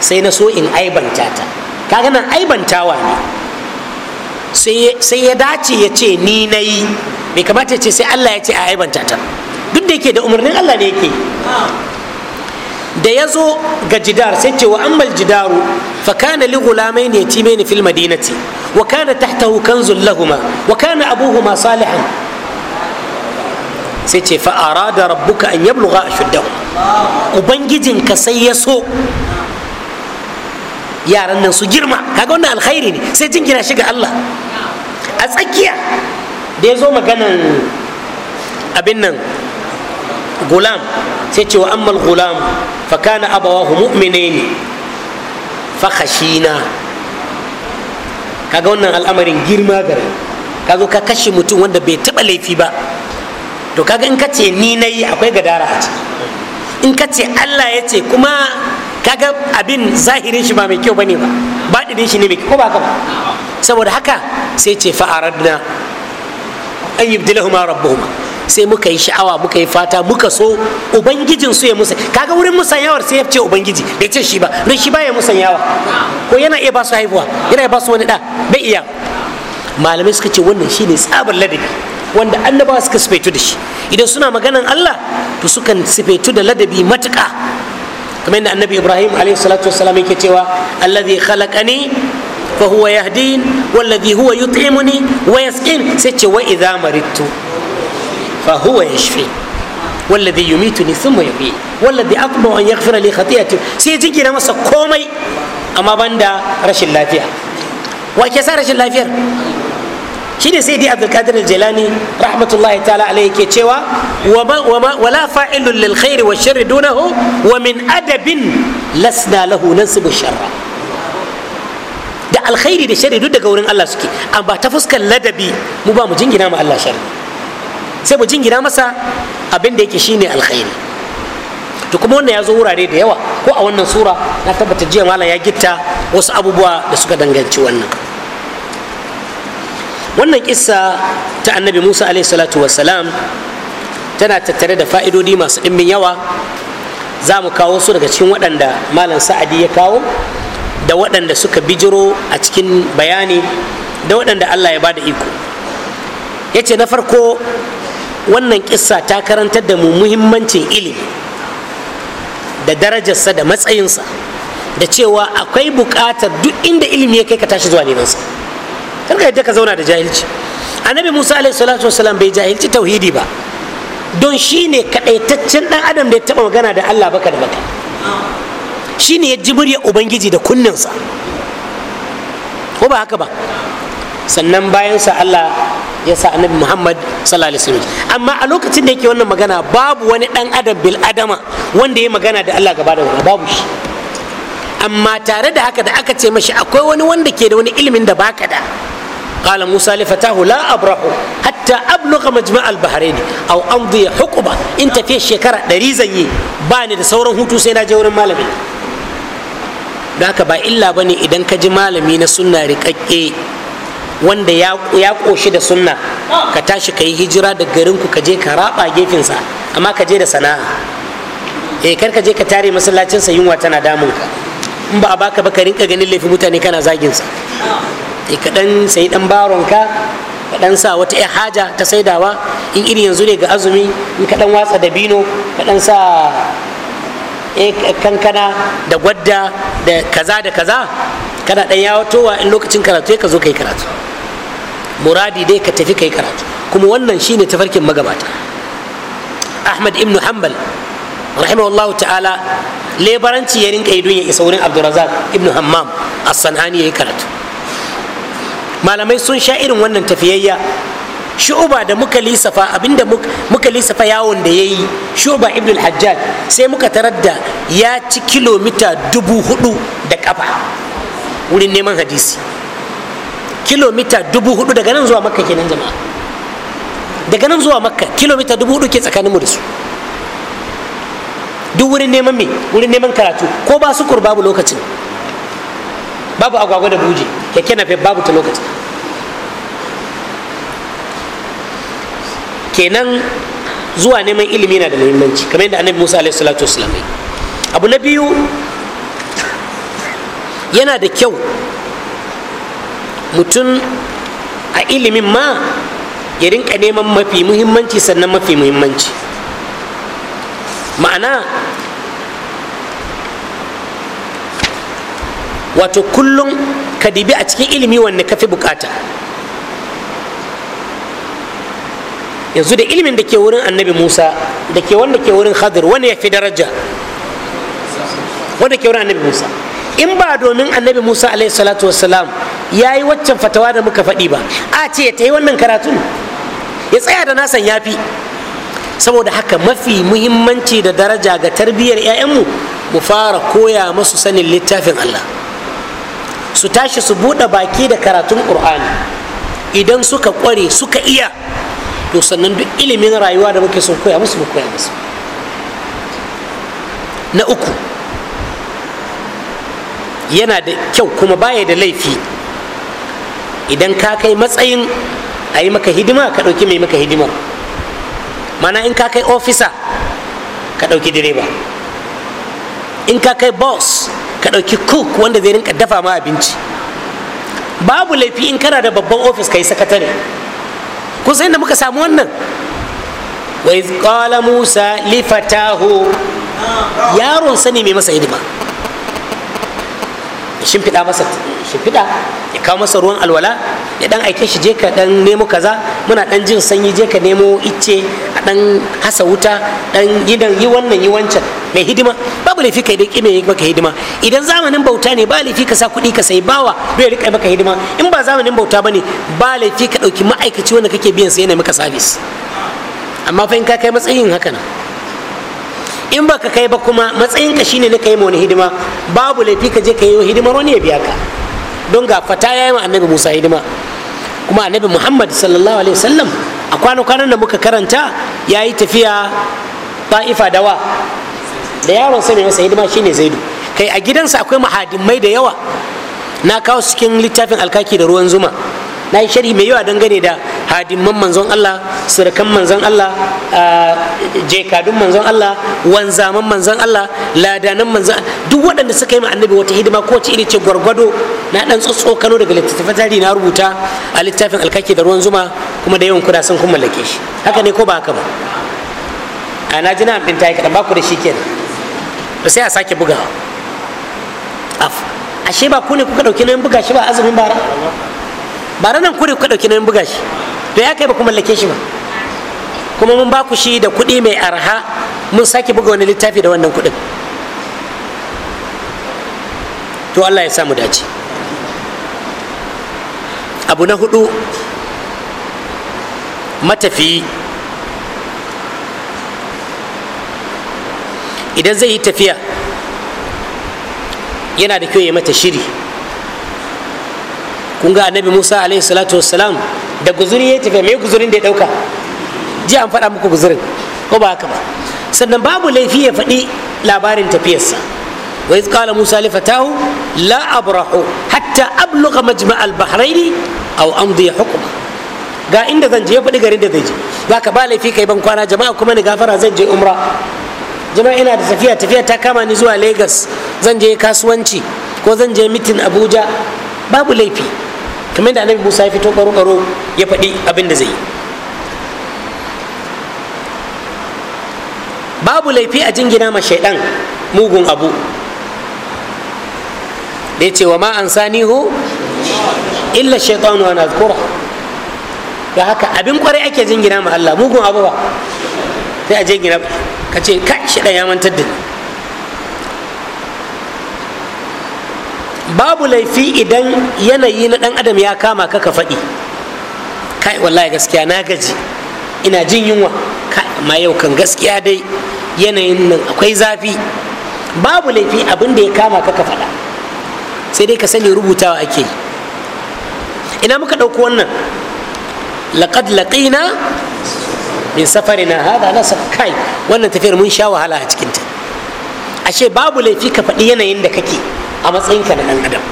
sai na so in aibanta ta kaga nan aibantawa ne sai ya dace ya ce ni na yi bai kamata ce sai allah ya ce a aibanta ta duk da yake da umarnin allah ne yake da ya zo ga jidar sai ce wa ammal jidaru fa kana li gulamai ne time ni fil madinati wa kana tahtahu kanzul lahuma wa kana abuhuma salihan sai ce fa arada rabbuka an yablugha ashuddahu ubangijinka sai ya so yaran nan su girma kaga wannan alkhairi ne sai jingina shi ga Allah a tsakiya da ya zo maganan abin nan gulam sai ce wa ammal gulam fa kana abawahu mu'minin fa khashina kaga wannan al'amarin girma gare ka zo ka kashe mutum wanda bai taba laifi ba to kaga in ka ce ni nayi akwai gadara a ciki in ka ce Allah ya ce kuma kaga abin zahirin shi ba mai kyau bane ba baɗinin shi ne mai kyau ba haka ba saboda haka sai ce fa'aradna an yi yubdilahuma rabbuhuma sai muka yi sha'awa muka yi fata muka so ubangijin su ya musa kaga wurin musanyawar sai ya ce ubangiji bai ce shi ba don shi ba ya musanyawa ko yana iya ba su haihuwa yana iya ba su wani da bai iya malamai suka ce wannan shine tsabar ladabi wanda annabawa suka sifaitu da shi idan suna maganan Allah to sukan sifaitu da ladabi matuka. kamar yadda annabi ibrahim alaihi salatu wassalam yake cewa allazi khalaqani fa huwa yahdin wallazi huwa yut'imuni wa yasqin sai ce wa idza maridtu fa huwa yashfi wallazi yumituni thumma yuhyi wallazi atma an yaghfira li khati'ati sai na masa komai amma banda rashin lafiya wa ke sa rashin lafiyar shine sai dai abdulkadir al-jilani rahmatullahi ta'ala alayhi ke cewa wala fa'ilun lil khairi wa sharri dunahu wa min adabin lasna lahu nansibu sharra da alkhairi da sharri duk daga wurin Allah suke ba ta fuskar ladabi mu ba mu jingina ma Allah sharri sai mu jingina masa abin da yake shine alkhairi to kuma wannan ya zo wurare da yawa ko a wannan sura na tabbata jiya malam ya gitta wasu abubuwa da suka danganci wannan wannan kissa ta annabi musa alaihi salatu tana tattare da fa'idodi masu ɗimbin yawa za mu kawo su daga cikin waɗanda malam sa'adi ya kawo da waɗanda suka bijiro a cikin bayani da waɗanda allah ya ba da iko ya ce na farko wannan kissa ta karantar da mu muhimmancin ilimi da darajarsa da matsayinsa da cewa akwai buƙatar duk inda ilimi ya kai ka tashi zuwa nemansa karka yadda ka zauna da jahilci annabi musa alaihi salatu wasalam bai jahilci tauhidi ba don shi ne kaɗaitaccen ɗan adam da ya taɓa magana da allah baka da baka shi ne ya ji murya ubangiji da kunninsa ko ba haka ba sannan bayansa allah ya sa annabi muhammad sallallahu alaihi wasallam amma a lokacin da yake wannan magana babu wani ɗan adam bil adama wanda ya magana da allah gaba da wani babu shi amma tare da haka da aka ce mashi akwai wani wanda ke da wani ilimin da baka da قال موسى لفتاه لا أبرح حتى أبلغ مجمع البحرين أو أمضي حقبة أنت في الشكرة دريزني باني da sauran hutu sai na je wurin malami da haka ba illa السنة idan ka malami na sunna wanda ya koshi da sunna ka tashi ka yi hijira da ku ka je ka raba sa amma ka je da sana'a eh kar ka je ka tare masallacin sa yunwa tana damun ka in ba a baka ba ka rinka ganin laifi mutane kana zagin sa Eh, ka dan sai dan baronka ka dan sa wata ƴar haja ta saidawa in iri yanzu ne ga azumi in ka dan watsa dabino ka dan sa eh, kankana da gwadda da kaza da kaza kana dan towa in lokacin karatu ka zo kai karatu muradi dai ka tafi kai karatu kuma wannan shine tafarkin magabata ahmad ibn hanbal rahimahullahu ta'ala lebaranci ya rinka yi ya isa wurin abdurrazak ibn hammam as-sanani yayi karatu malamai sun sha irin wannan tafiyayya shu'uba da muka lissafa abinda muka lissafa yawon da ya yi shu'uba ibn al-hajjaj sai muka tarar da ya ci kilomita dubu hudu da kafa wurin neman hadisi kilomita dubu hudu daga nan zuwa makka kenan jama'a daga nan zuwa makka kilomita dubu hudu ke tsakanin mu da su duk wurin neman me wurin neman karatu ko ba su kurbabu lokacin babu agwagwa da buje keke na babu ta lokaci kenan zuwa neman ilimi na da muhimmanci kamar yadda annabi musa alaihi salatu wasallam abu na biyu yana da kyau mutum a ilimin ma ya rinka neman mafi muhimmanci sannan mafi muhimmanci ma'ana wato kullum ka dibi a cikin ilimi wanne ka fi bukata yanzu da ilimin da ke wurin annabi musa da ke wanda ke wurin Hadir wani ya fi daraja wanda ke wurin annabi musa in ba domin annabi musa alaihi salatu wassalam ya yi waccan fatawa da muka faɗi ba a ce ya ta yi wannan karatun ya tsaya da nasan ya fi saboda haka mafi muhimmanci da daraja ga tarbiyyar 'ya'yanmu mu fara koya masu sanin littafin allah su tashi su buɗe baki da karatun ƙur'ani idan suka ƙware suka iya to sannan duk ilimin rayuwa da muke son koya musu mu koya musu na uku yana da kyau kuma baya da laifi idan ka kai matsayin a yi maka hidima ka ɗauki mai maka hidimar mana in ka kai ofisa ka ɗauki direba in ka kai boss ka ɗauki cook wanda zai rinka dafa ma abinci babu laifi in kana da babban ofis ka yi sakatare kusa inda muka samu wannan wa iz qala musa li fatahu yaron sani mai masa hidima shimfiɗa masa shimfiɗa ya kawo masa ruwan alwala ya dan aike shi je ka dan nemo kaza muna dan jin sanyi je ka nemo icce a dan hasa wuta dan gidan yi wannan yi wancan mai hidima babu laifi yi dai mai maka hidima idan zamanin bauta ne ba laifi ka sa kuɗi ka sai bawa bai rika maka hidima in ba zamanin bauta ba ne ba laifi ka ɗauki ma'aikaci wanda kake biyan sa yana maka sabis amma fa in ka kai matsayin haka nan in ba ka kai ba kuma matsayin matsayinka shine na kai ma wani hidima babu laifi ka je ka yi hidimar wani ya biya ka don ga fata ya yi ma annabi musa hidima kuma annabi muhammad sallallahu alaihi wasallam a kwana-kwanan da muka karanta ya yi tafiya ta'ifa dawa da yaron sa mai masa hidima shine zaidu kai a gidansa akwai mahadimai da yawa na kawo cikin littafin alkaki da ruwan zuma na yi sharhi mai yawa dangane da hadimman manzon Allah surukan manzon Allah jekadun manzon Allah wanzaman manzon Allah ladanan manzon duk waɗanda suka yi ma annabi wata hidima ko wace iri ce gwargwado na dan tsotsokano daga littattafan tari na rubuta a littafin alkaki da ruwan zuma kuma da yawan kuda sun kun mallake shi haka ne ko ba haka ba a na ji na amfin yi kaɗan baku da shi kenan sai a sake bugawa ashe ba ku ne kuka ɗauki yin buga shi ba azumin bara ba ranar kure kuka ɗauki nan buga shi to ya kai ba ku mallake shi ba kuma mun ba ku shi da kuɗi mai arha mun sake buga wani littafi da wannan kuɗin to allah ya samu dace abu na hudu matafiyi idan zai yi tafiya yana da kyau ya mata shiri kun ga annabi musa alaihi salatu wassalam da guzuri ya tafi mai guzurin da ya dauka ji an faɗa muku guzurin ko ba haka ba sannan babu laifi ya faɗi labarin tafiyarsa wa iz qala musa li fatahu la abrahu hatta ablugha majma' al bahrayni aw amdi hukma ga inda zan je ya faɗi garin da zai je zaka ba laifi kai ban kwana jama'a kuma ni gafara zan je umra jama'a ina da tafiya tafiya ta kama ni zuwa lagos zan je kasuwanci ko zan je mitin abuja babu laifi kamar da annabi musa ya fito karo karo ya faɗi abin da zai yi babu laifi a jingina ma shaidan mugun abu da ya ce wa ma an sani hu illa shaitanu wa zukura da haka abin kwarai ake jingina ma Allah mugun abu ba sai a jingina ka ce ka shaidan ya mantar da ni babu laifi idan yanayi na dan adam ya kama ka ka faɗi kai wallahi gaskiya na gaji ina jin yunwa kai amma yau kan gaskiya dai yanayin nan akwai zafi babu laifi abin da ya kama ka ka faɗa sai dai ka sani rubutawa ake ina muka ɗauko wannan laƙad laƙina min safarina hada na kai wannan tafiyar mun sha wahala a cikinta ashe babu laifi ka faɗi yanayin da kake a matsayinka na ɗan adam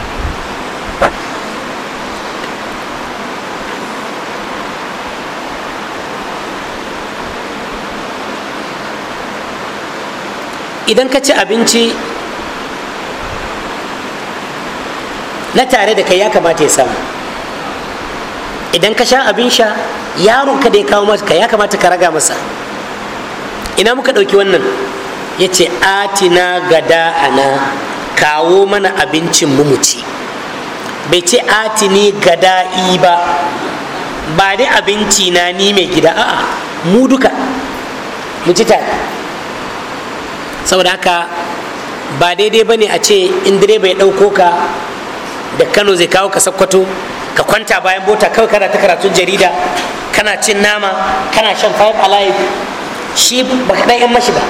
idan ka ci abinci na tare da kai ya kamata ya samu idan ka sha abin sha yaron ka da ya kawo maka ya kamata ka raga masa ina muka ɗauki wannan ya ce atina gada ana kawo mana abincin mumuci bai ci bai ce atini gada'i ba ba dai abinci na ni mai gida a'a mu duka mu ci tare saboda haka ba daidai ba ne a ce in direba ya ɗauko ka da kano zai kawo ka sakkwato ka kwanta bayan bota kawai kana ta karatun jarida kana cin nama kana shan five alive shi ba ka ɗan yan mashi ba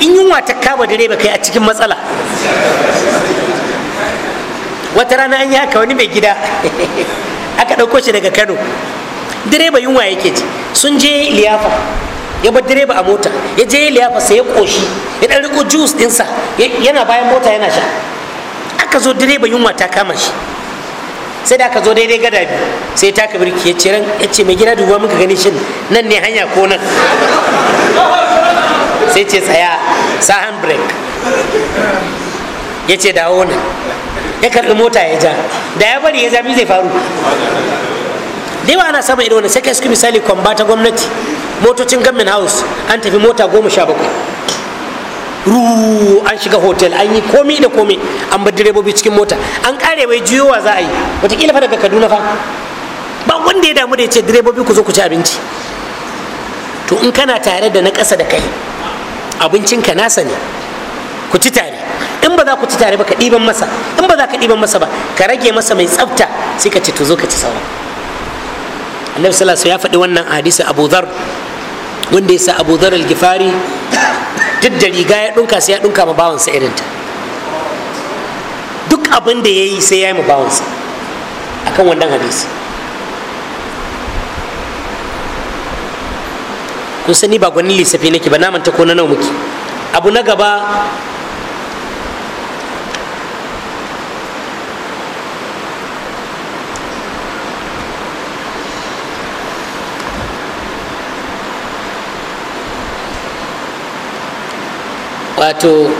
in yunwa ta kama dare kai a cikin matsala wata rana an yi haka wani mai gida *laughs* aka ɗauko shi daga kano direba yunwa yake ji sun je liyafa ya bar direba a mota ya je liyafa sai ya koshi ya ɗan riko juice ɗinsa yana bayan mota yana sha aka zo direba yunwa ta kama shi sai da aka zo daidai gada biyu sai ta taka birki ya ce mai gida duba muka gani shin nan ne hanya ko nan sai ce tsaya sa break ya ce dawo nan ya karɓi mota ya ja da ya bari ya ja zai faru da yawa ana sama ido wani sai kai misali kwamba ta gwamnati motocin gamin house an tafi mota goma sha bakwai ruu an shiga hotel an yi komi da komi an bar direbobi cikin mota an kare mai juyowa za a yi wataƙila fa daga kaduna fa ba wanda ya damu da ya ce direbobi ku zo ku ci abinci to in kana tare da na kasa da kai abincinka nasa ne ku ci tare in ba za ku ci tare ba ka ɗiban masa in ba za ka ɗiban masa ba ka rage masa mai tsafta sai ka ci to zo ka ci sauran annabi sallallahu ya faɗi wannan hadisi abu dhar wanda ya sa abu dhar al-gifari duk da riga ya ɗunka sai ya ɗunka ma bawansa irin ta duk abin da ya yi sai ya yi ma bawansa akan wannan hadisi kun sani ba gwanin lissafi nake ba namanta ko na muke abu na gaba wato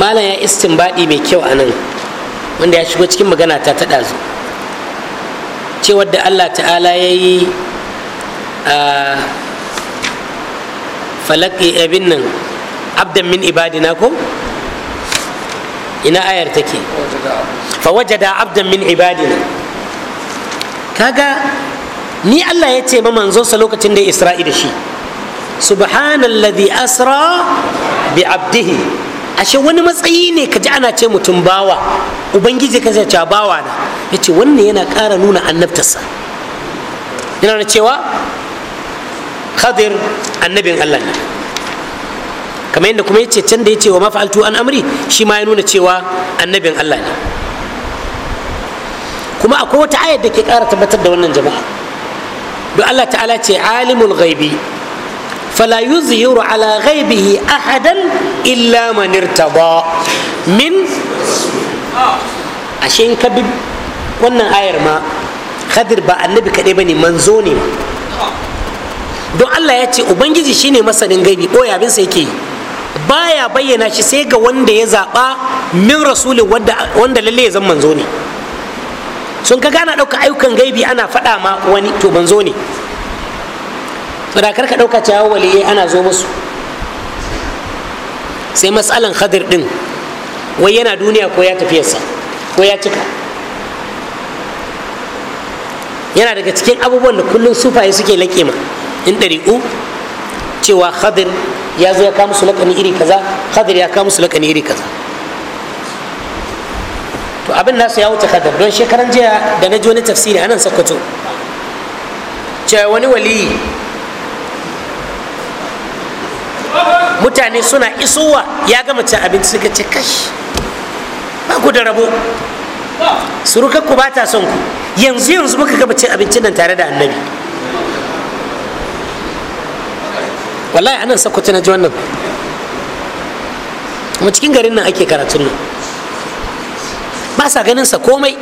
malam ya istinbadi mai kyau a nan wanda ya shigo cikin magana ta ta ɗazu cewar da allah ta'ala ya yi Ah, falaki abin nan abdan min ibadina ko ina ayar take fa wajada abdan min ibadina kaga ni Allah ya ce ma manzonsa lokacin da Isra'i da shi subhanalladhi asra bi abdihi ashe wani matsayi ne kaji ana ce mutum bawa ubangiji ka ce bawa na ya ce wannan yana ƙara nuna annabtarsa yana na cewa khadir annabin allah ne kamar yadda kuma yace can da ce wa mafa'altu an amri shi ma ya nuna cewa annabin allah ne kuma akwai wata ayar da ke ƙara tabbatar da wannan jama'a don allah ta'ala ce alimul ghaibi fala yuzhiru ala ghaibihi ahadan illa man irtada min ah, ashe in ka bi wannan ayar ma khadir ba annabi kaɗai ba ne manzo ne don Allah ya ce ubangiji shine masanin gaibi ko abin sa yake baya bayyana shi sai ga wanda ya zaba min rasuli wanda lalle ya zama manzo ne sun ka gana ɗauka ayyukan gaibi ana faɗa ma wani to manzo ne sadakar ka ɗauka yawo waliyai ana zo musu sai matsalan khadir ɗin wai yana duniya ko ya tafiyarsa ko ya cika yana daga cikin abubuwan da kullum sufaye suke laƙe ma in u cewa khadir ya zo ya kama su lakani iri kaza khadir ya kama su lakani iri kaza to abin nasu ya wuce khadir don shekaran jiya da na ji wani tafsiri anan sokoto cewa wani waliyi mutane suna isowa ya gama cin abinci suka ce kash ba ku da rabo surukanku ba ta son ku yanzu yanzu muka gama cin abincin nan tare da annabi wallahi anan sakkwato na ji wannan kuma cikin garin nan ake karatun nan ba sa ganin sa komai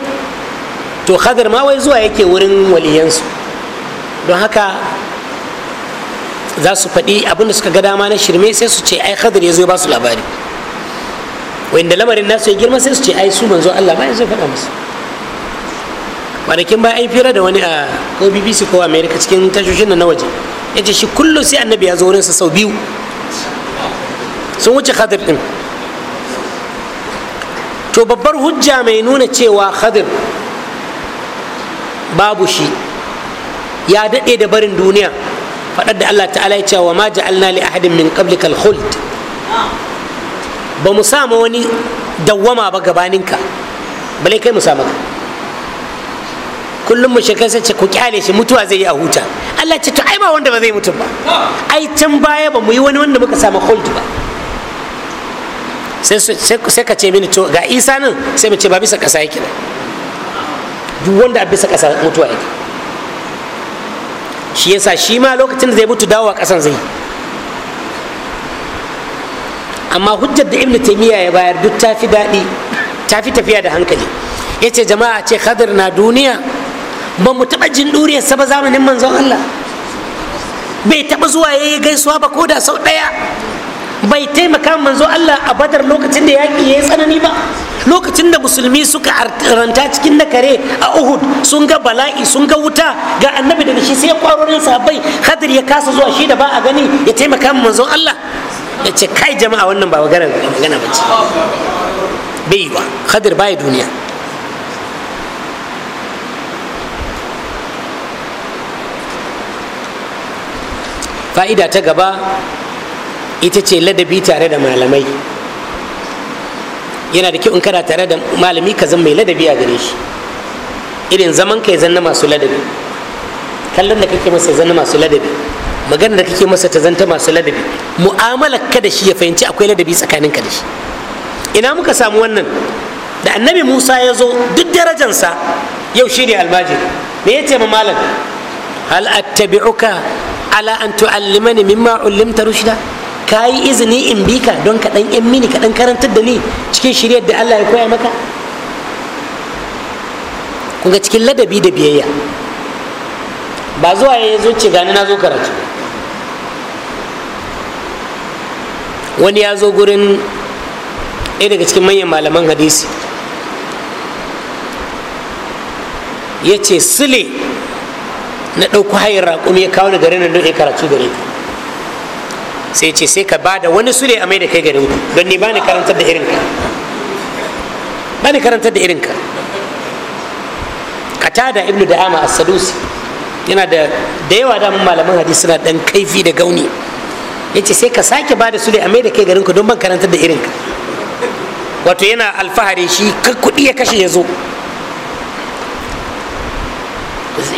to khadar ma wai zuwa yake wurin waliyansu don haka za su faɗi abin da suka ga dama na shirme sai su ce ai khadar ya zo ba su labari wanda lamarin nasu ya girma sai su ce ai su manzo Allah ba ya zo faɗa musu kwanakin ba ai fira da wani a ko bbc ko america cikin tashoshin na waje ya ce shi kullum sai annabi ya zo wurinsa sau biyu sun wuce khadir ɗin to babbar hujja mai nuna cewa khadir babu shi ya daɗe da barin duniya faɗar da allah ta'ala ya ce wa ma ja'alna li ahadin min qablika al-khuld ba mu sama wani dawwama ba gabaninka balai kai mu sama ka kullum mushrikai sai ce ku kyale shi mutuwa zai yi a huta Allah ce to ai ba wanda ba zai mutu ba ai can baya ba mu yi wani wanda muka samu hold ba sai ka ce mini to ga isa nan sai mu ce ba bisa kasa yake ba duk wanda a bisa kasa mutuwa yake shi yasa shi ma lokacin da zai mutu dawowa kasan zai amma hujjar da ibnu taymiya ya bayar duk ta fi daɗi ta fi tafiya da hankali yace jama'a ce khadir na duniya ba mu taɓa jin ɗuriyarsa ba zamanin manzon Allah bai taɓa zuwa ya yi gaisuwa ba ko da sau ɗaya bai taimaka manzon Allah a badar lokacin da yaƙi ya yi tsanani ba lokacin da musulmi suka ranta cikin na kare a uhud sun ga bala'i sun ga wuta ga annabi daga shi sai ya kwarorin sabai hadir ya kasa zuwa shi da ba a gani ya taimaka min manzon Allah ya ce kai jama'a wannan ba magana ba ce bai yi ba hadir baya duniya fa'ida ta gaba ita ce ladabi tare da malamai yana da kyau in kana tare da malami ka zama mai ladabi a gare shi irin zaman ka zanna masu ladabi kallon da kake masa zanna masu ladabi magana da kake masa ta zanta masu ladabi mu'amalar ka da shi ya fahimci akwai ladabi tsakanin ka da shi ina muka samu wannan da annabi musa ya zo duk darajansa yau shi ne almajiri me ya ce ma malam hal attabi'uka ala an tu'allimani mimma ullimta rushda ka yi izini in bi don ka dan yan mini ka dan karantar da ni cikin shiryar da Allah ya koya maka kun cikin ladabi da biyayya ba zuwa ya zo ce gani na zo karatu wani ya zo gurin ɗaya daga cikin manyan malaman hadisi ya ce sile na ɗauko hayar raƙumi ya kawo ni gare nan don karatu gare ka sai ce sai ka bada wani sule a mai da kai gare ku don ni bani karantar da irinka bani karantar da irinka da ibnu da ama asadusi yana da da yawa da malaman hadisi suna dan kaifi da gauni ce sai ka sake bada sule a mai da kai garin ku don ban karantar da irinka wato yana alfahari shi kuɗi ya kashe ya zo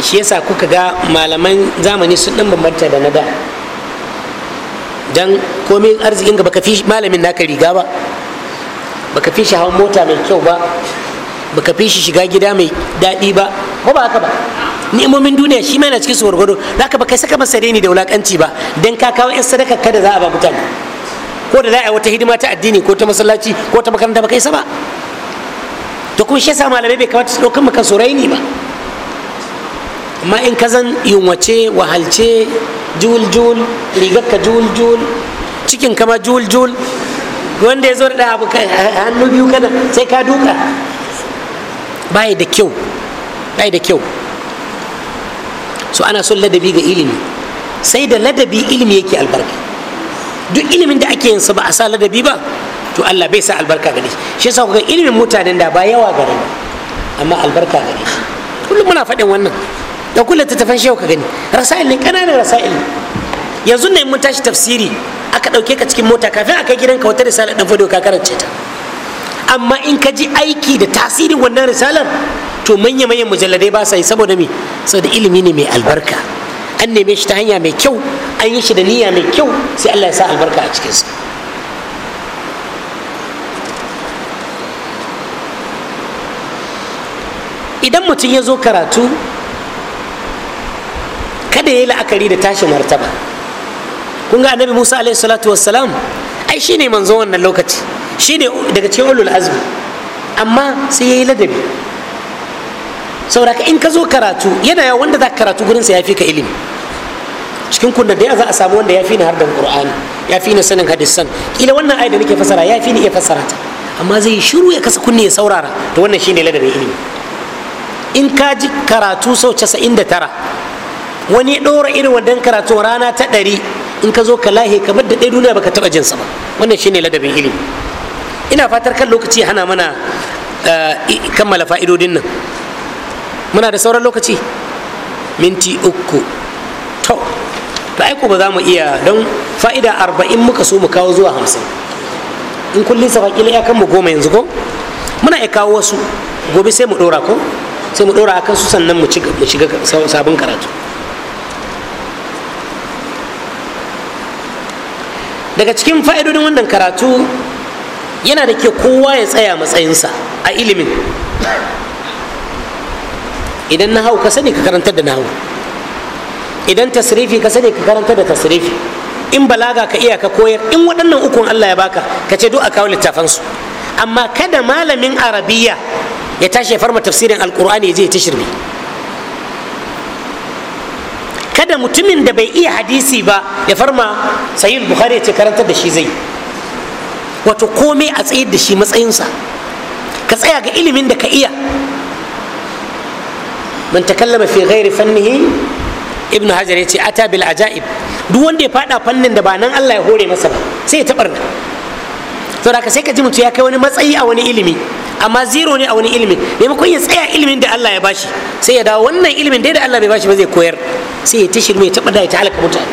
shi yasa kuka ga malaman zamani sun dan bambanta da na da dan komai arzikin ga baka fi malamin naka riga ba baka fi shi hawan mota mai kyau ba baka fi shi shiga gida mai daɗi ba ko ba haka ba ni'imomin duniya shi ma yana cikin su gwargwado zaka baka saka masa reni da wulakanci ba dan ka kawo yan sadaka kada za a ba mutane ko da za a yi wata hidima ta addini ko ta masallaci ko ta makaranta baka isa ba to kuma shi yasa malamai bai kamata su ɗaukan maka su ni ba amma in ka zan yunwace wahalce jul-jul rigarka jul-jul cikin kama jul-jul wanda ya zo da abu eh, eh, hannu biyu kana sai ka duka bai da kyau bai da kyau so ana son ladabi ga ilimi sai da ladabi ilimi yake albarka duk ilimin da ake yin sa ba a sa ladabi ba to Allah bai sa albarka gare shi shi yasa kuga ilimin mutanen da ba yawa gare amma albarka gare shi kullum muna faɗin wannan da kula tattafan shehu ka gani rasa'il ne ƙananan rasa'il yanzu ne mun tashi tafsiri aka ɗauke ka cikin mota kafin a kai gidanka wata risala dan fado ka karance ta amma in ka ji aiki da tasirin wannan risalar to manya-manyan mujalladai ba sa yi saboda me saboda ilimi ne mai albarka an neme shi ta hanya mai kyau an yi shi da niyya mai kyau sai Allah ya sa albarka a sa idan mutum ya zo karatu kada ya yi la'akari da tashin martaba kun ga annabi musa alaihi salatu wassalam ai shi ne manzo wannan lokaci shi ne daga cikin ulul azmi amma sai ya yi ladabi saboda in ka zo karatu yana yawa wanda za ka karatu gurinsa ya fi ka ilimi cikin kun da za a samu wanda ya fi ni har da qur'ani ya fi ni sanin hadisan kila wannan ayat da nake fasara ya fi ni iya fasara ta amma zai yi shiru ya kasa kunne ya saurara to wannan shine ladabin ilimi in ka ji karatu sau 99 wani ɗora irin wannan karatu rana ta ɗari in ka zo ka lahe kamar da ɗaya duniya baka taɓa jinsa ba wannan shine ladabin ilimi ina fatar kan lokaci hana mana eh, kammala fa'idodin nan muna da sauran lokaci minti uku to da aiko ba za mu iya don fa'ida arba'in muka so mu kawo zuwa hamsin in kullum sa faƙila ya kan mu goma yanzu ko muna iya kawo wasu gobe sai mu ɗora ko sai mu ɗora akan su sannan mu shiga sabon karatu daga cikin fa'idodin wannan karatu yana da ke kowa ya tsaya matsayinsa a ilimin idan na hau ka sani ka karantar da hau, idan tasirifi ka sani ka karantar da tasirifi, in balaga ka iya ka koyar in waɗannan ukun allah ya baka ka ce duk kawo littafansu amma kada malamin arabiya ya tashi ya farma tafsirin alkur'ani ya je ya ta shirme kada mutumin da bai iya hadisi ba ya farma sayin bukhari ya ce karantar da shi zai wato komai a tsayar da shi matsayinsa ka tsaya ga ilimin da ka iya man takallama fi ghairi fannihi ibnu hajar ya ce ata bil ajaib duk wanda ya fada fannin da ba nan Allah ya hore masa ba sai ya tabarna to da sai ka ji mutum ya kai wani matsayi a wani ilimi amma zero ne a wani ilimi maimakon ya tsaya ilimin da Allah ya bashi sai ya dawo wannan ilimin dai da Allah bai bashi ba zai koyar sai ya tashi mai ya taɓa da ya ta halaka mutane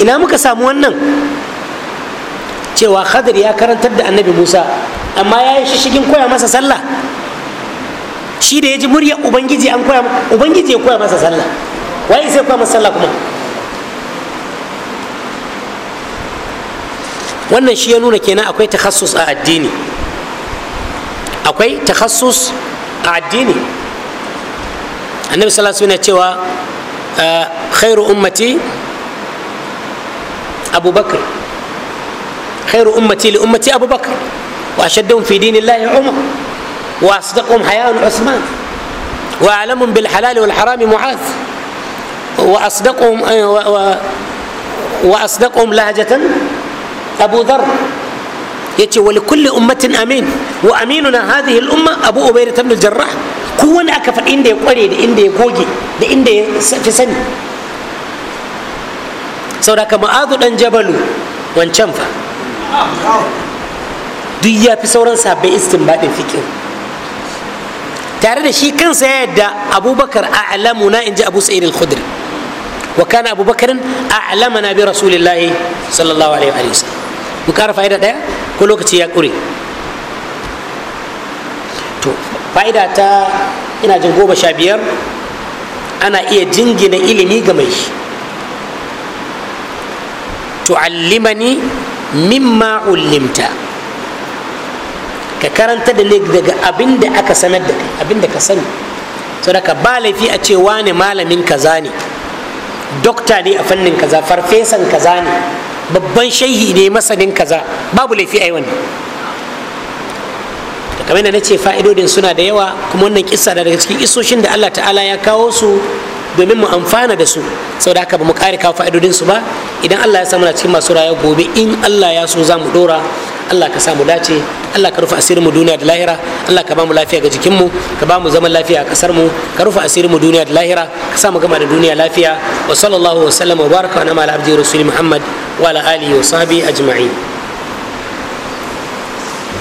ina muka samu wannan cewa khadir ya karantar da annabi musa amma ya yi shishigin koya masa sallah shi da ya ji murya ubangiji an koya ubangiji ya koya masa sallah waye sai koya masa sallah kuma wannan shi ya nuna kenan akwai takhassus a addini akwai takhassus a addini annabi sallallahu alaihi cewa khairu ummati abu bakr khairu ummati li ummati abu bakr wa ashaddum fi dinillahi umar wa asdaqum hayan usman wa alamun bil halal wal haram mu'az wa asdaqum wa wa, asdaqum lahjatan abu dhar yace wa likulli ummatin amin wa aminuna hadhihi al-umma abu ubaydah ibn al-jarrah ko wanda aka faɗi inda ya kware da inda ya goge da inda ya fi sani saboda ka ma'azu dan jabalu wancan fa duk ya fi sauran sabbin istinbadin fikin tare da shi kansa ya yadda abubakar a'lamuna in ji abu sa'id al-khudri wa kana abubakarin a'lamana bi rasulillahi sallallahu alaihi wa sallam mu ƙara fa'ida ɗaya ko lokaci ya ƙure to fa'ida ta ina jin goma sha biyar ana iya jingina ilimi ga mai tu'allimani mimma ullimta ka karanta da ne daga abin da aka sanar da kai abin da ka sani saboda ba laifi a ce wane malamin kaza ne dokta ne a fannin kaza farfesan kaza ne babban shaihi ne masanin kaza babu laifi a yi wannan kamar yadda na ce fa'idodin suna da yawa kuma wannan kisa da daga cikin isoshin da allah ta'ala ya kawo su domin mu amfana da su saboda haka ba mu kare kawo fa'idodin su ba idan Allah ya samu na cikin masu rayuwa gobe in Allah ya so za mu dora Allah ka samu dace Allah ka rufe asirin mu duniya da lahira Allah ka ba mu lafiya ga jikin mu ka ba mu zaman lafiya a kasar mu ka rufe asirin mu duniya da lahira ka sa mu gama da duniya lafiya wa sallallahu wa sallama wa baraka wa nama ala abdi rasul muhammad wa ala alihi wa sahbihi ajma'in